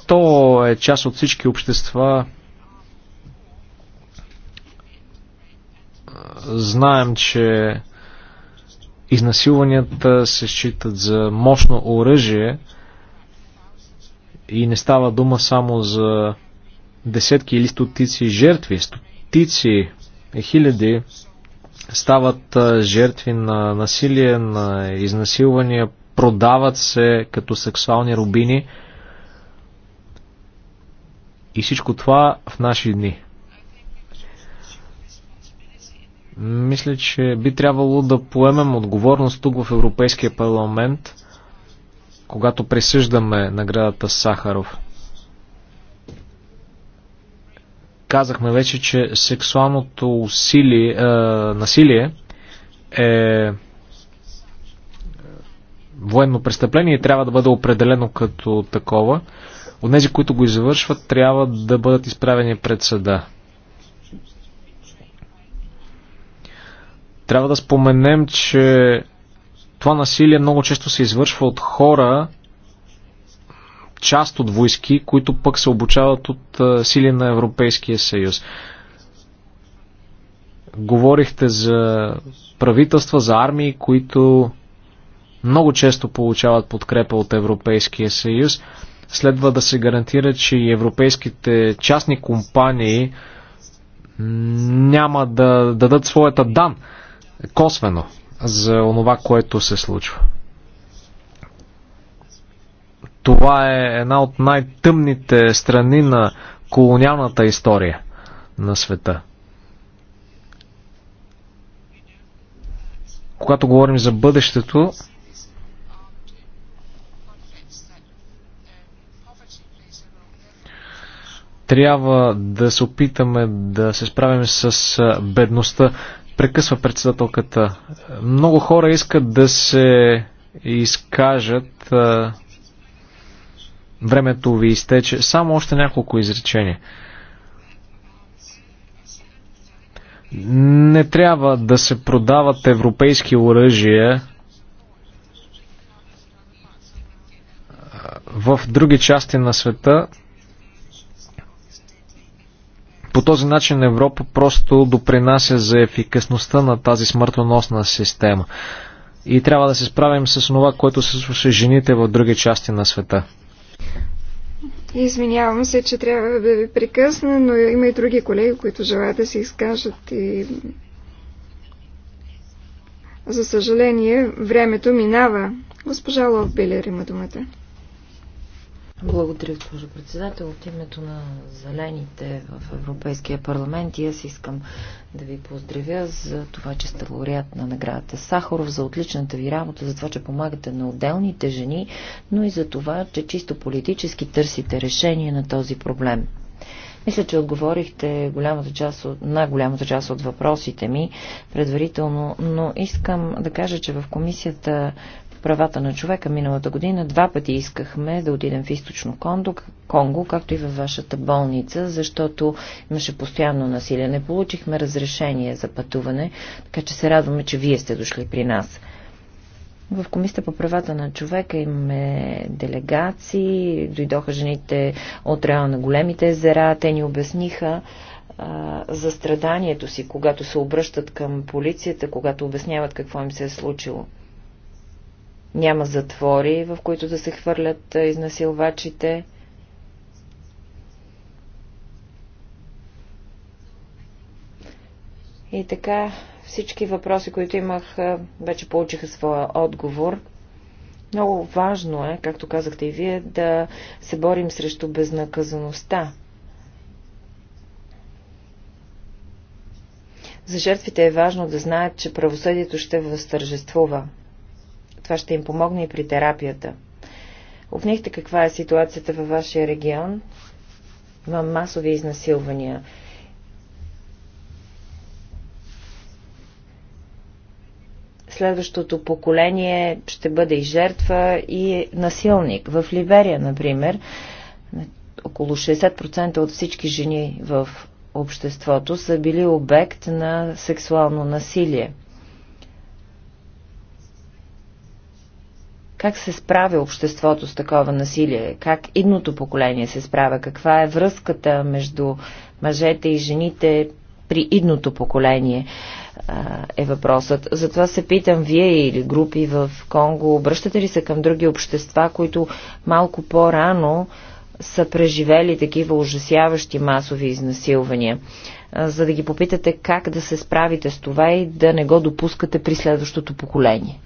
То е част от всички общества. Знаем, че изнасилванията се считат за мощно оръжие – и не става дума само за десетки или стотици жертви. Стотици, и хиляди стават жертви на насилие, на изнасилвания, продават се като сексуални рубини. И всичко това в наши дни. Мисля, че би трябвало да поемем отговорност тук в Европейския парламент когато присъждаме наградата Сахаров. Казахме вече, че сексуалното усилие, е, насилие е военно престъпление и трябва да бъде определено като такова. Онези, които го извършват, трябва да бъдат изправени пред съда. Трябва да споменем, че това насилие много често се извършва от хора, част от войски, които пък се обучават от сили на Европейския съюз. Говорихте за правителства, за армии, които много често получават подкрепа от Европейския съюз. Следва да се гарантира, че и европейските частни компании няма да дадат своята дан косвено за онова, което се случва. Това е една от най-тъмните страни на колониалната история на света. Когато говорим за бъдещето, трябва да се опитаме да се справим с бедността. Прекъсва председателката. Много хора искат да се изкажат. Времето ви изтече. Само още няколко изречения. Не трябва да се продават европейски оръжия в други части на света, по този начин Европа просто допринася за ефикасността на тази смъртоносна система. И трябва да се справим с това, което се с жените в други части на света. Извинявам се, че трябва да ви прекъсна, но има и други колеги, които желаят да се изкажат и за съжаление, времето минава. Госпожа Лов Белер има думата. Благодаря, госпожо председател. От името на зелените в Европейския парламент и аз искам да ви поздравя за това, че сте лауреат на наградата Сахаров, за отличната ви работа, за това, че помагате на отделните жени, но и за това, че чисто политически търсите решение на този проблем. Мисля, че отговорихте голямата част от, на голямата част от въпросите ми предварително, но искам да кажа, че в комисията правата на човека миналата година два пъти искахме да отидем в източно Кондо, Конго, както и във вашата болница, защото имаше постоянно насилие. Не получихме разрешение за пътуване, така че се радваме, че вие сте дошли при нас. В Комисията по правата на човека имаме делегации, дойдоха жените от района на големите езера, те ни обясниха за страданието си, когато се обръщат към полицията, когато обясняват какво им се е случило. Няма затвори, в които да се хвърлят изнасилвачите. И така, всички въпроси, които имах, вече получиха своя отговор. Много важно е, както казахте и вие, да се борим срещу безнаказаността. За жертвите е важно да знаят, че правосъдието ще възтържествува. Това ще им помогне и при терапията. Обнихте каква е ситуацията във вашия регион. Има масови изнасилвания. следващото поколение ще бъде и жертва, и насилник. В Либерия, например, около 60% от всички жени в обществото са били обект на сексуално насилие. Как се справя обществото с такова насилие? Как идното поколение се справя? Каква е връзката между мъжете и жените при идното поколение? е въпросът. Затова се питам, вие или групи в Конго, обръщате ли се към други общества, които малко по-рано са преживели такива ужасяващи масови изнасилвания, за да ги попитате как да се справите с това и да не го допускате при следващото поколение?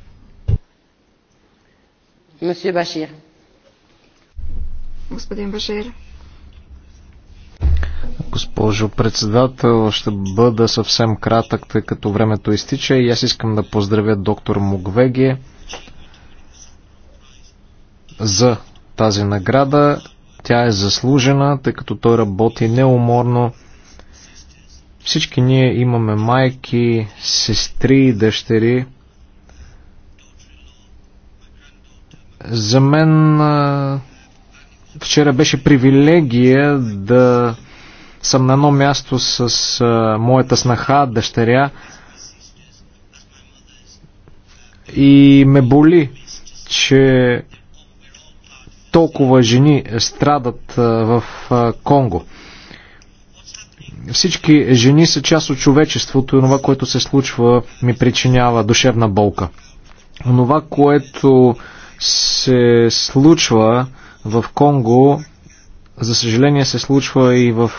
Башир. Господин Башир. Госпожо председател, ще бъда съвсем кратък, тъй като времето изтича и аз искам да поздравя доктор Мугвеги за тази награда. Тя е заслужена, тъй като той работи неуморно. Всички ние имаме майки, сестри и дъщери – За мен вчера беше привилегия да съм на едно място с моята снаха, дъщеря и ме боли, че толкова жени страдат в Конго. Всички жени са част от човечеството и това, което се случва, ми причинява душевна болка. Онова, което се случва в Конго, за съжаление се случва и в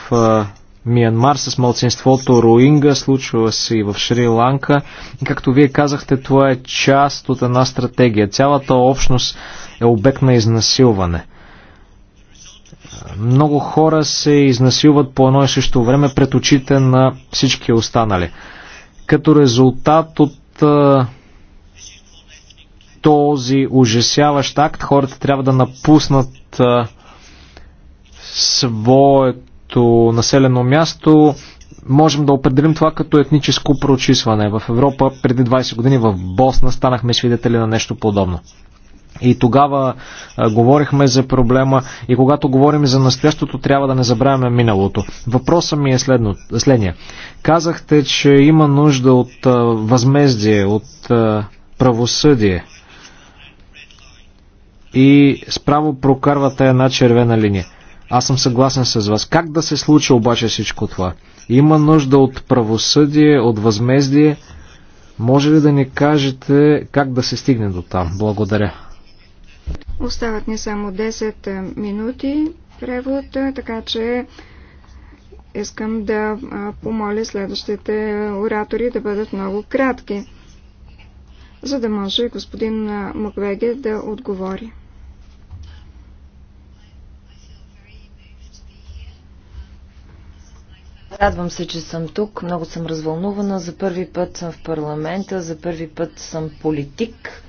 Миянмар с малцинството Роинга, случва се и в Шри-Ланка. И както вие казахте, това е част от една стратегия. Цялата общност е обект на изнасилване. Много хора се изнасилват по едно и също време пред очите на всички останали. Като резултат от този ужасяващ акт. Хората трябва да напуснат своето населено място. Можем да определим това като етническо прочисване. В Европа преди 20 години в Босна станахме свидетели на нещо подобно. И тогава а, говорихме за проблема и когато говорим за настоящото, трябва да не забравяме миналото. Въпросът ми е следно, следния. Казахте, че има нужда от а, възмездие, от а, правосъдие и справо прокарвате една червена линия. Аз съм съгласен с вас. Как да се случи обаче всичко това? Има нужда от правосъдие, от възмездие. Може ли да ни кажете как да се стигне до там? Благодаря. Остават ни само 10 е, минути превод, е, така че искам да е, помоля следващите оратори да бъдат много кратки за да може господин Маквеге да отговори. Радвам се, че съм тук. Много съм развълнувана. За първи път съм в парламента, за първи път съм политик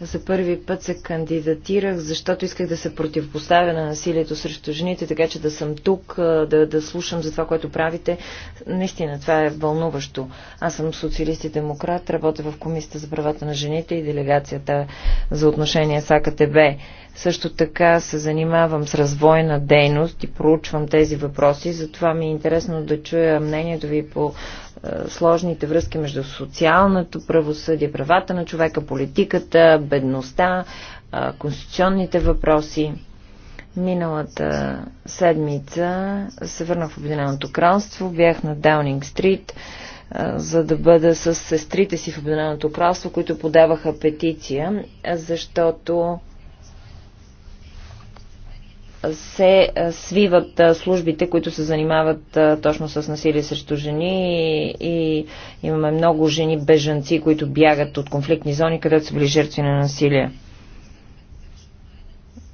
за първи път се кандидатирах, защото исках да се противопоставя на насилието срещу жените, така че да съм тук, да, да слушам за това, което правите. Наистина, това е вълнуващо. Аз съм социалист и демократ, работя в Комисията за правата на жените и делегацията за отношения с АКТБ. Също така се занимавам с развойна дейност и проучвам тези въпроси, затова ми е интересно да чуя мнението ви по е, сложните връзки между социалното правосъдие, правата на човека, политиката, бедността, е, конституционните въпроси. Миналата седмица се върнах в Обединеното кралство, бях на Даунинг Стрит, е, за да бъда с сестрите си в Обединеното кралство, които подаваха петиция, защото се е, свиват е, службите, които се занимават е, точно с насилие срещу жени и имаме много жени бежанци, които бягат от конфликтни зони, където са били жертви на насилие.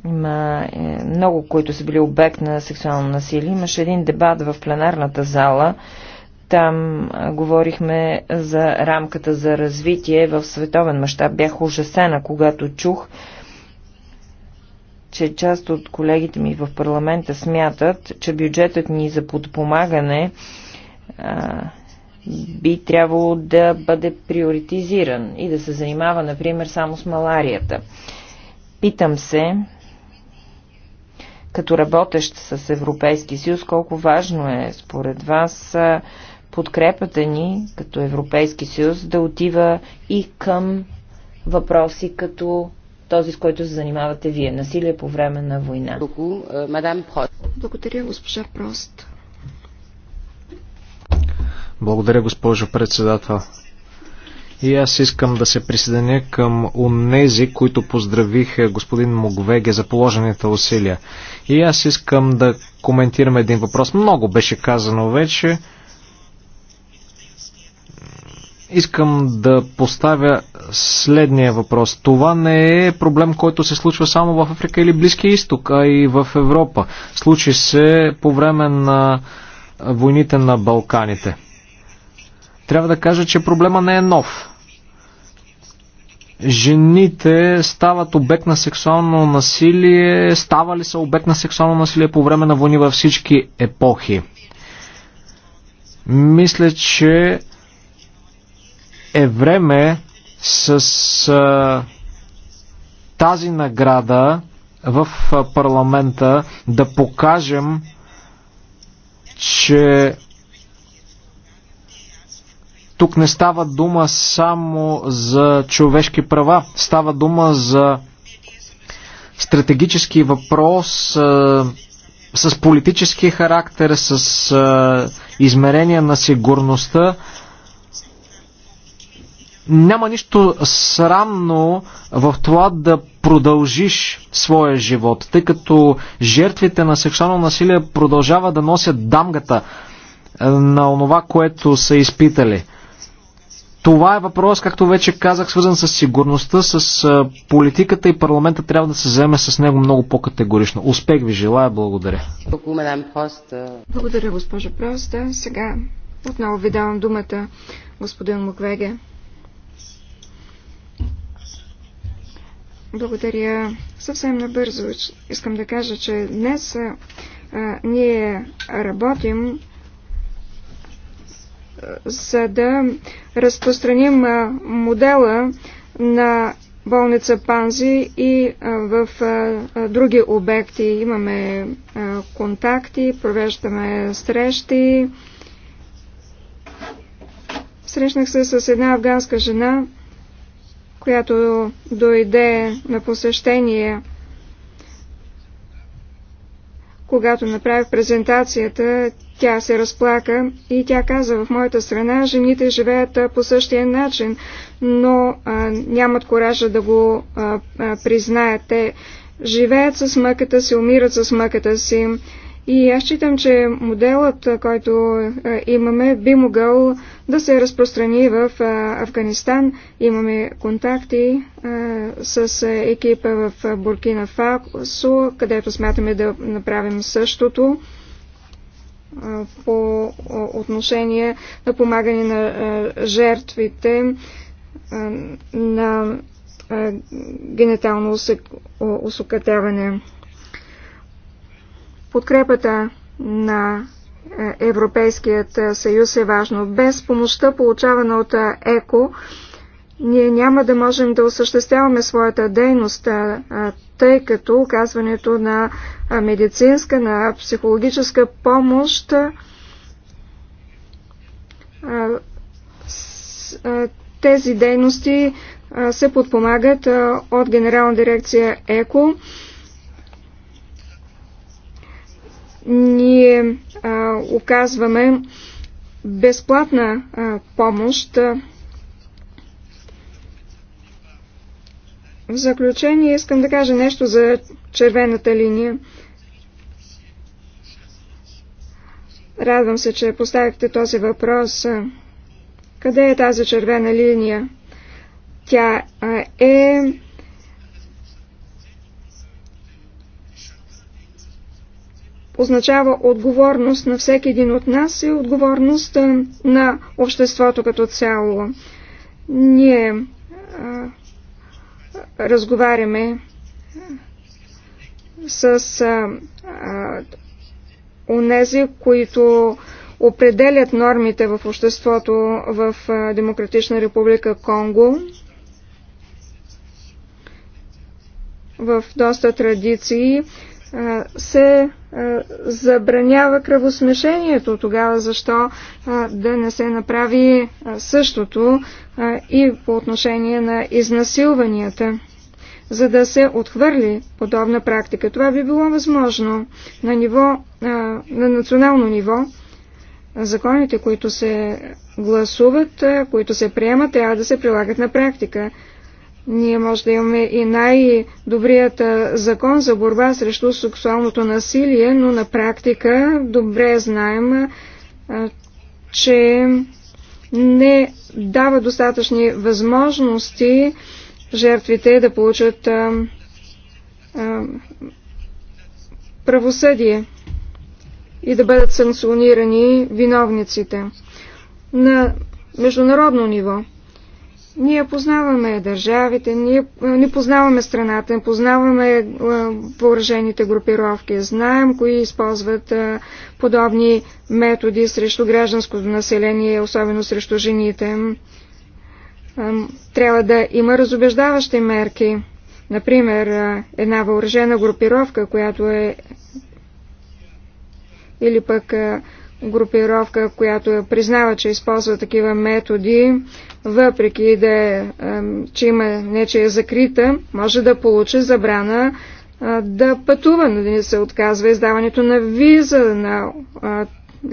Има много, които са били обект на сексуално насилие. Имаше един дебат в пленарната зала. Там говорихме за рамката за развитие в световен мащаб. Бях ужасена, когато чух, че част от колегите ми в парламента смятат, че бюджетът ни за подпомагане а, би трябвало да бъде приоритизиран и да се занимава, например, само с маларията. Питам се, като работещ с Европейски съюз, колко важно е според вас подкрепата ни като Европейски съюз да отива и към въпроси като този, с който се занимавате вие. Насилие по време на война. Е, Благодаря, госпожа Прост. Благодаря, госпожо председател. И аз искам да се присъединя към онези, които поздравих господин Мугвеге за положените усилия. И аз искам да коментирам един въпрос. Много беше казано вече искам да поставя следния въпрос. Това не е проблем, който се случва само в Африка или Близкия изток, а и в Европа. Случи се по време на войните на Балканите. Трябва да кажа, че проблема не е нов. Жените стават обект на сексуално насилие, ставали са обект на сексуално насилие по време на войни във всички епохи. Мисля, че е време с а, тази награда в парламента да покажем, че тук не става дума само за човешки права, става дума за стратегически въпрос а, с политически характер, с а, измерение на сигурността. Няма нищо срамно в това да продължиш своя живот, тъй като жертвите на сексуално насилие продължават да носят дамгата е, на онова, което са изпитали. Това е въпрос, както вече казах, свързан с сигурността, с е, политиката и парламента трябва да се вземе с него много по-категорично. Успех ви желая, благодаря. Благодаря, госпожа Прост. Сега отново ви давам думата, господин Муквеге. Благодаря. Съвсем набързо искам да кажа, че днес а, ние работим за да разпространим а, модела на болница Панзи и а, в а, други обекти. Имаме а, контакти, провеждаме срещи. Срещнах се с една афганска жена, която дойде на посещение, когато направих презентацията, тя се разплака и тя каза, в моята страна жените живеят по същия начин, но а, нямат коража да го а, а, признаят. Те живеят с мъката си, умират с мъката си. И аз считам, че моделът, който имаме, би могъл да се разпространи в Афганистан. Имаме контакти с екипа в Буркина Фасо, където смятаме да направим същото по отношение на помагане на жертвите на генетално усъкътяване. Подкрепата на е, Европейският е, съюз е важно. Без помощта, получавана от е, ЕКО, ние няма да можем да осъществяваме своята дейност, тъй като оказването на медицинска, на психологическа помощ тези дейности се подпомагат от Генерална дирекция ЕКО Ние а, оказваме безплатна а, помощ. В заключение искам да кажа нещо за червената линия. Радвам се, че поставихте този въпрос. Къде е тази червена линия? Тя е означава отговорност на всеки един от нас и отговорност на обществото като цяло. Ние а, разговаряме с а, а, унези, които определят нормите в обществото в Демократична република Конго. В доста традиции се е, забранява кръвосмешението. Тогава защо е, да не се направи е, същото и по отношение на изнасилванията, за да се отхвърли подобна практика. Това би било възможно на, ниво, на национално ниво. Законите, които се гласуват, които се приемат, трябва да се прилагат на практика. Ние може да имаме и най-добрият закон за борба срещу сексуалното насилие, но на практика добре знаем, че не дава достатъчни възможности жертвите да получат правосъдие и да бъдат санкционирани виновниците на международно ниво. Ние познаваме държавите, ние не познаваме страната, не познаваме въоръжените групировки, знаем кои използват подобни методи срещу гражданското население, особено срещу жените. Трябва да има разобеждаващи мерки. Например, една въоръжена групировка, която е или пък групировка, която признава, че използва такива методи, въпреки да е, че има не, че е закрита, може да получи забрана е, да пътува, да не се отказва издаването на виза на е,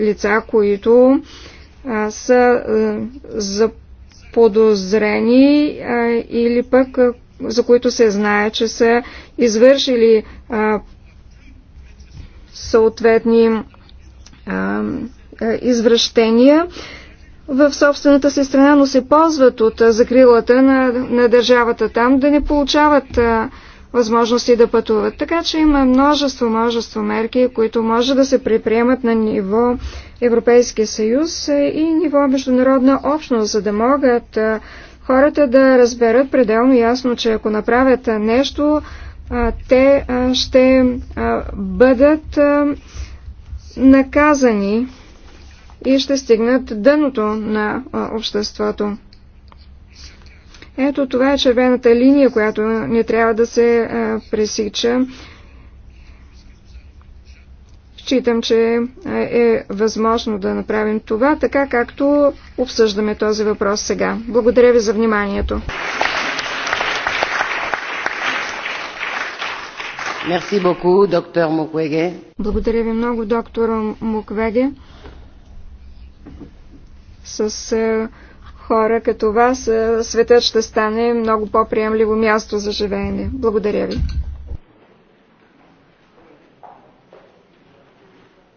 лица, които е, са заподозрени или пък за които се знае, че са извършили съответни извращения в собствената си страна, но се ползват от закрилата на, на държавата там, да не получават а, възможности да пътуват. Така че има множество, множество мерки, които може да се приприемат на ниво Европейския съюз и ниво международна общност, за да могат а, хората да разберат пределно ясно, че ако направят нещо, а, те а, ще бъдат наказани и ще стигнат дъното на обществото. Ето това е червената линия, която не трябва да се пресича. Считам, че е възможно да направим това, така както обсъждаме този въпрос сега. Благодаря ви за вниманието. Благодаря ви много, доктор Муквеге. С е, хора като вас е, светът ще стане много по-приемливо място за живеене. Благодаря ви.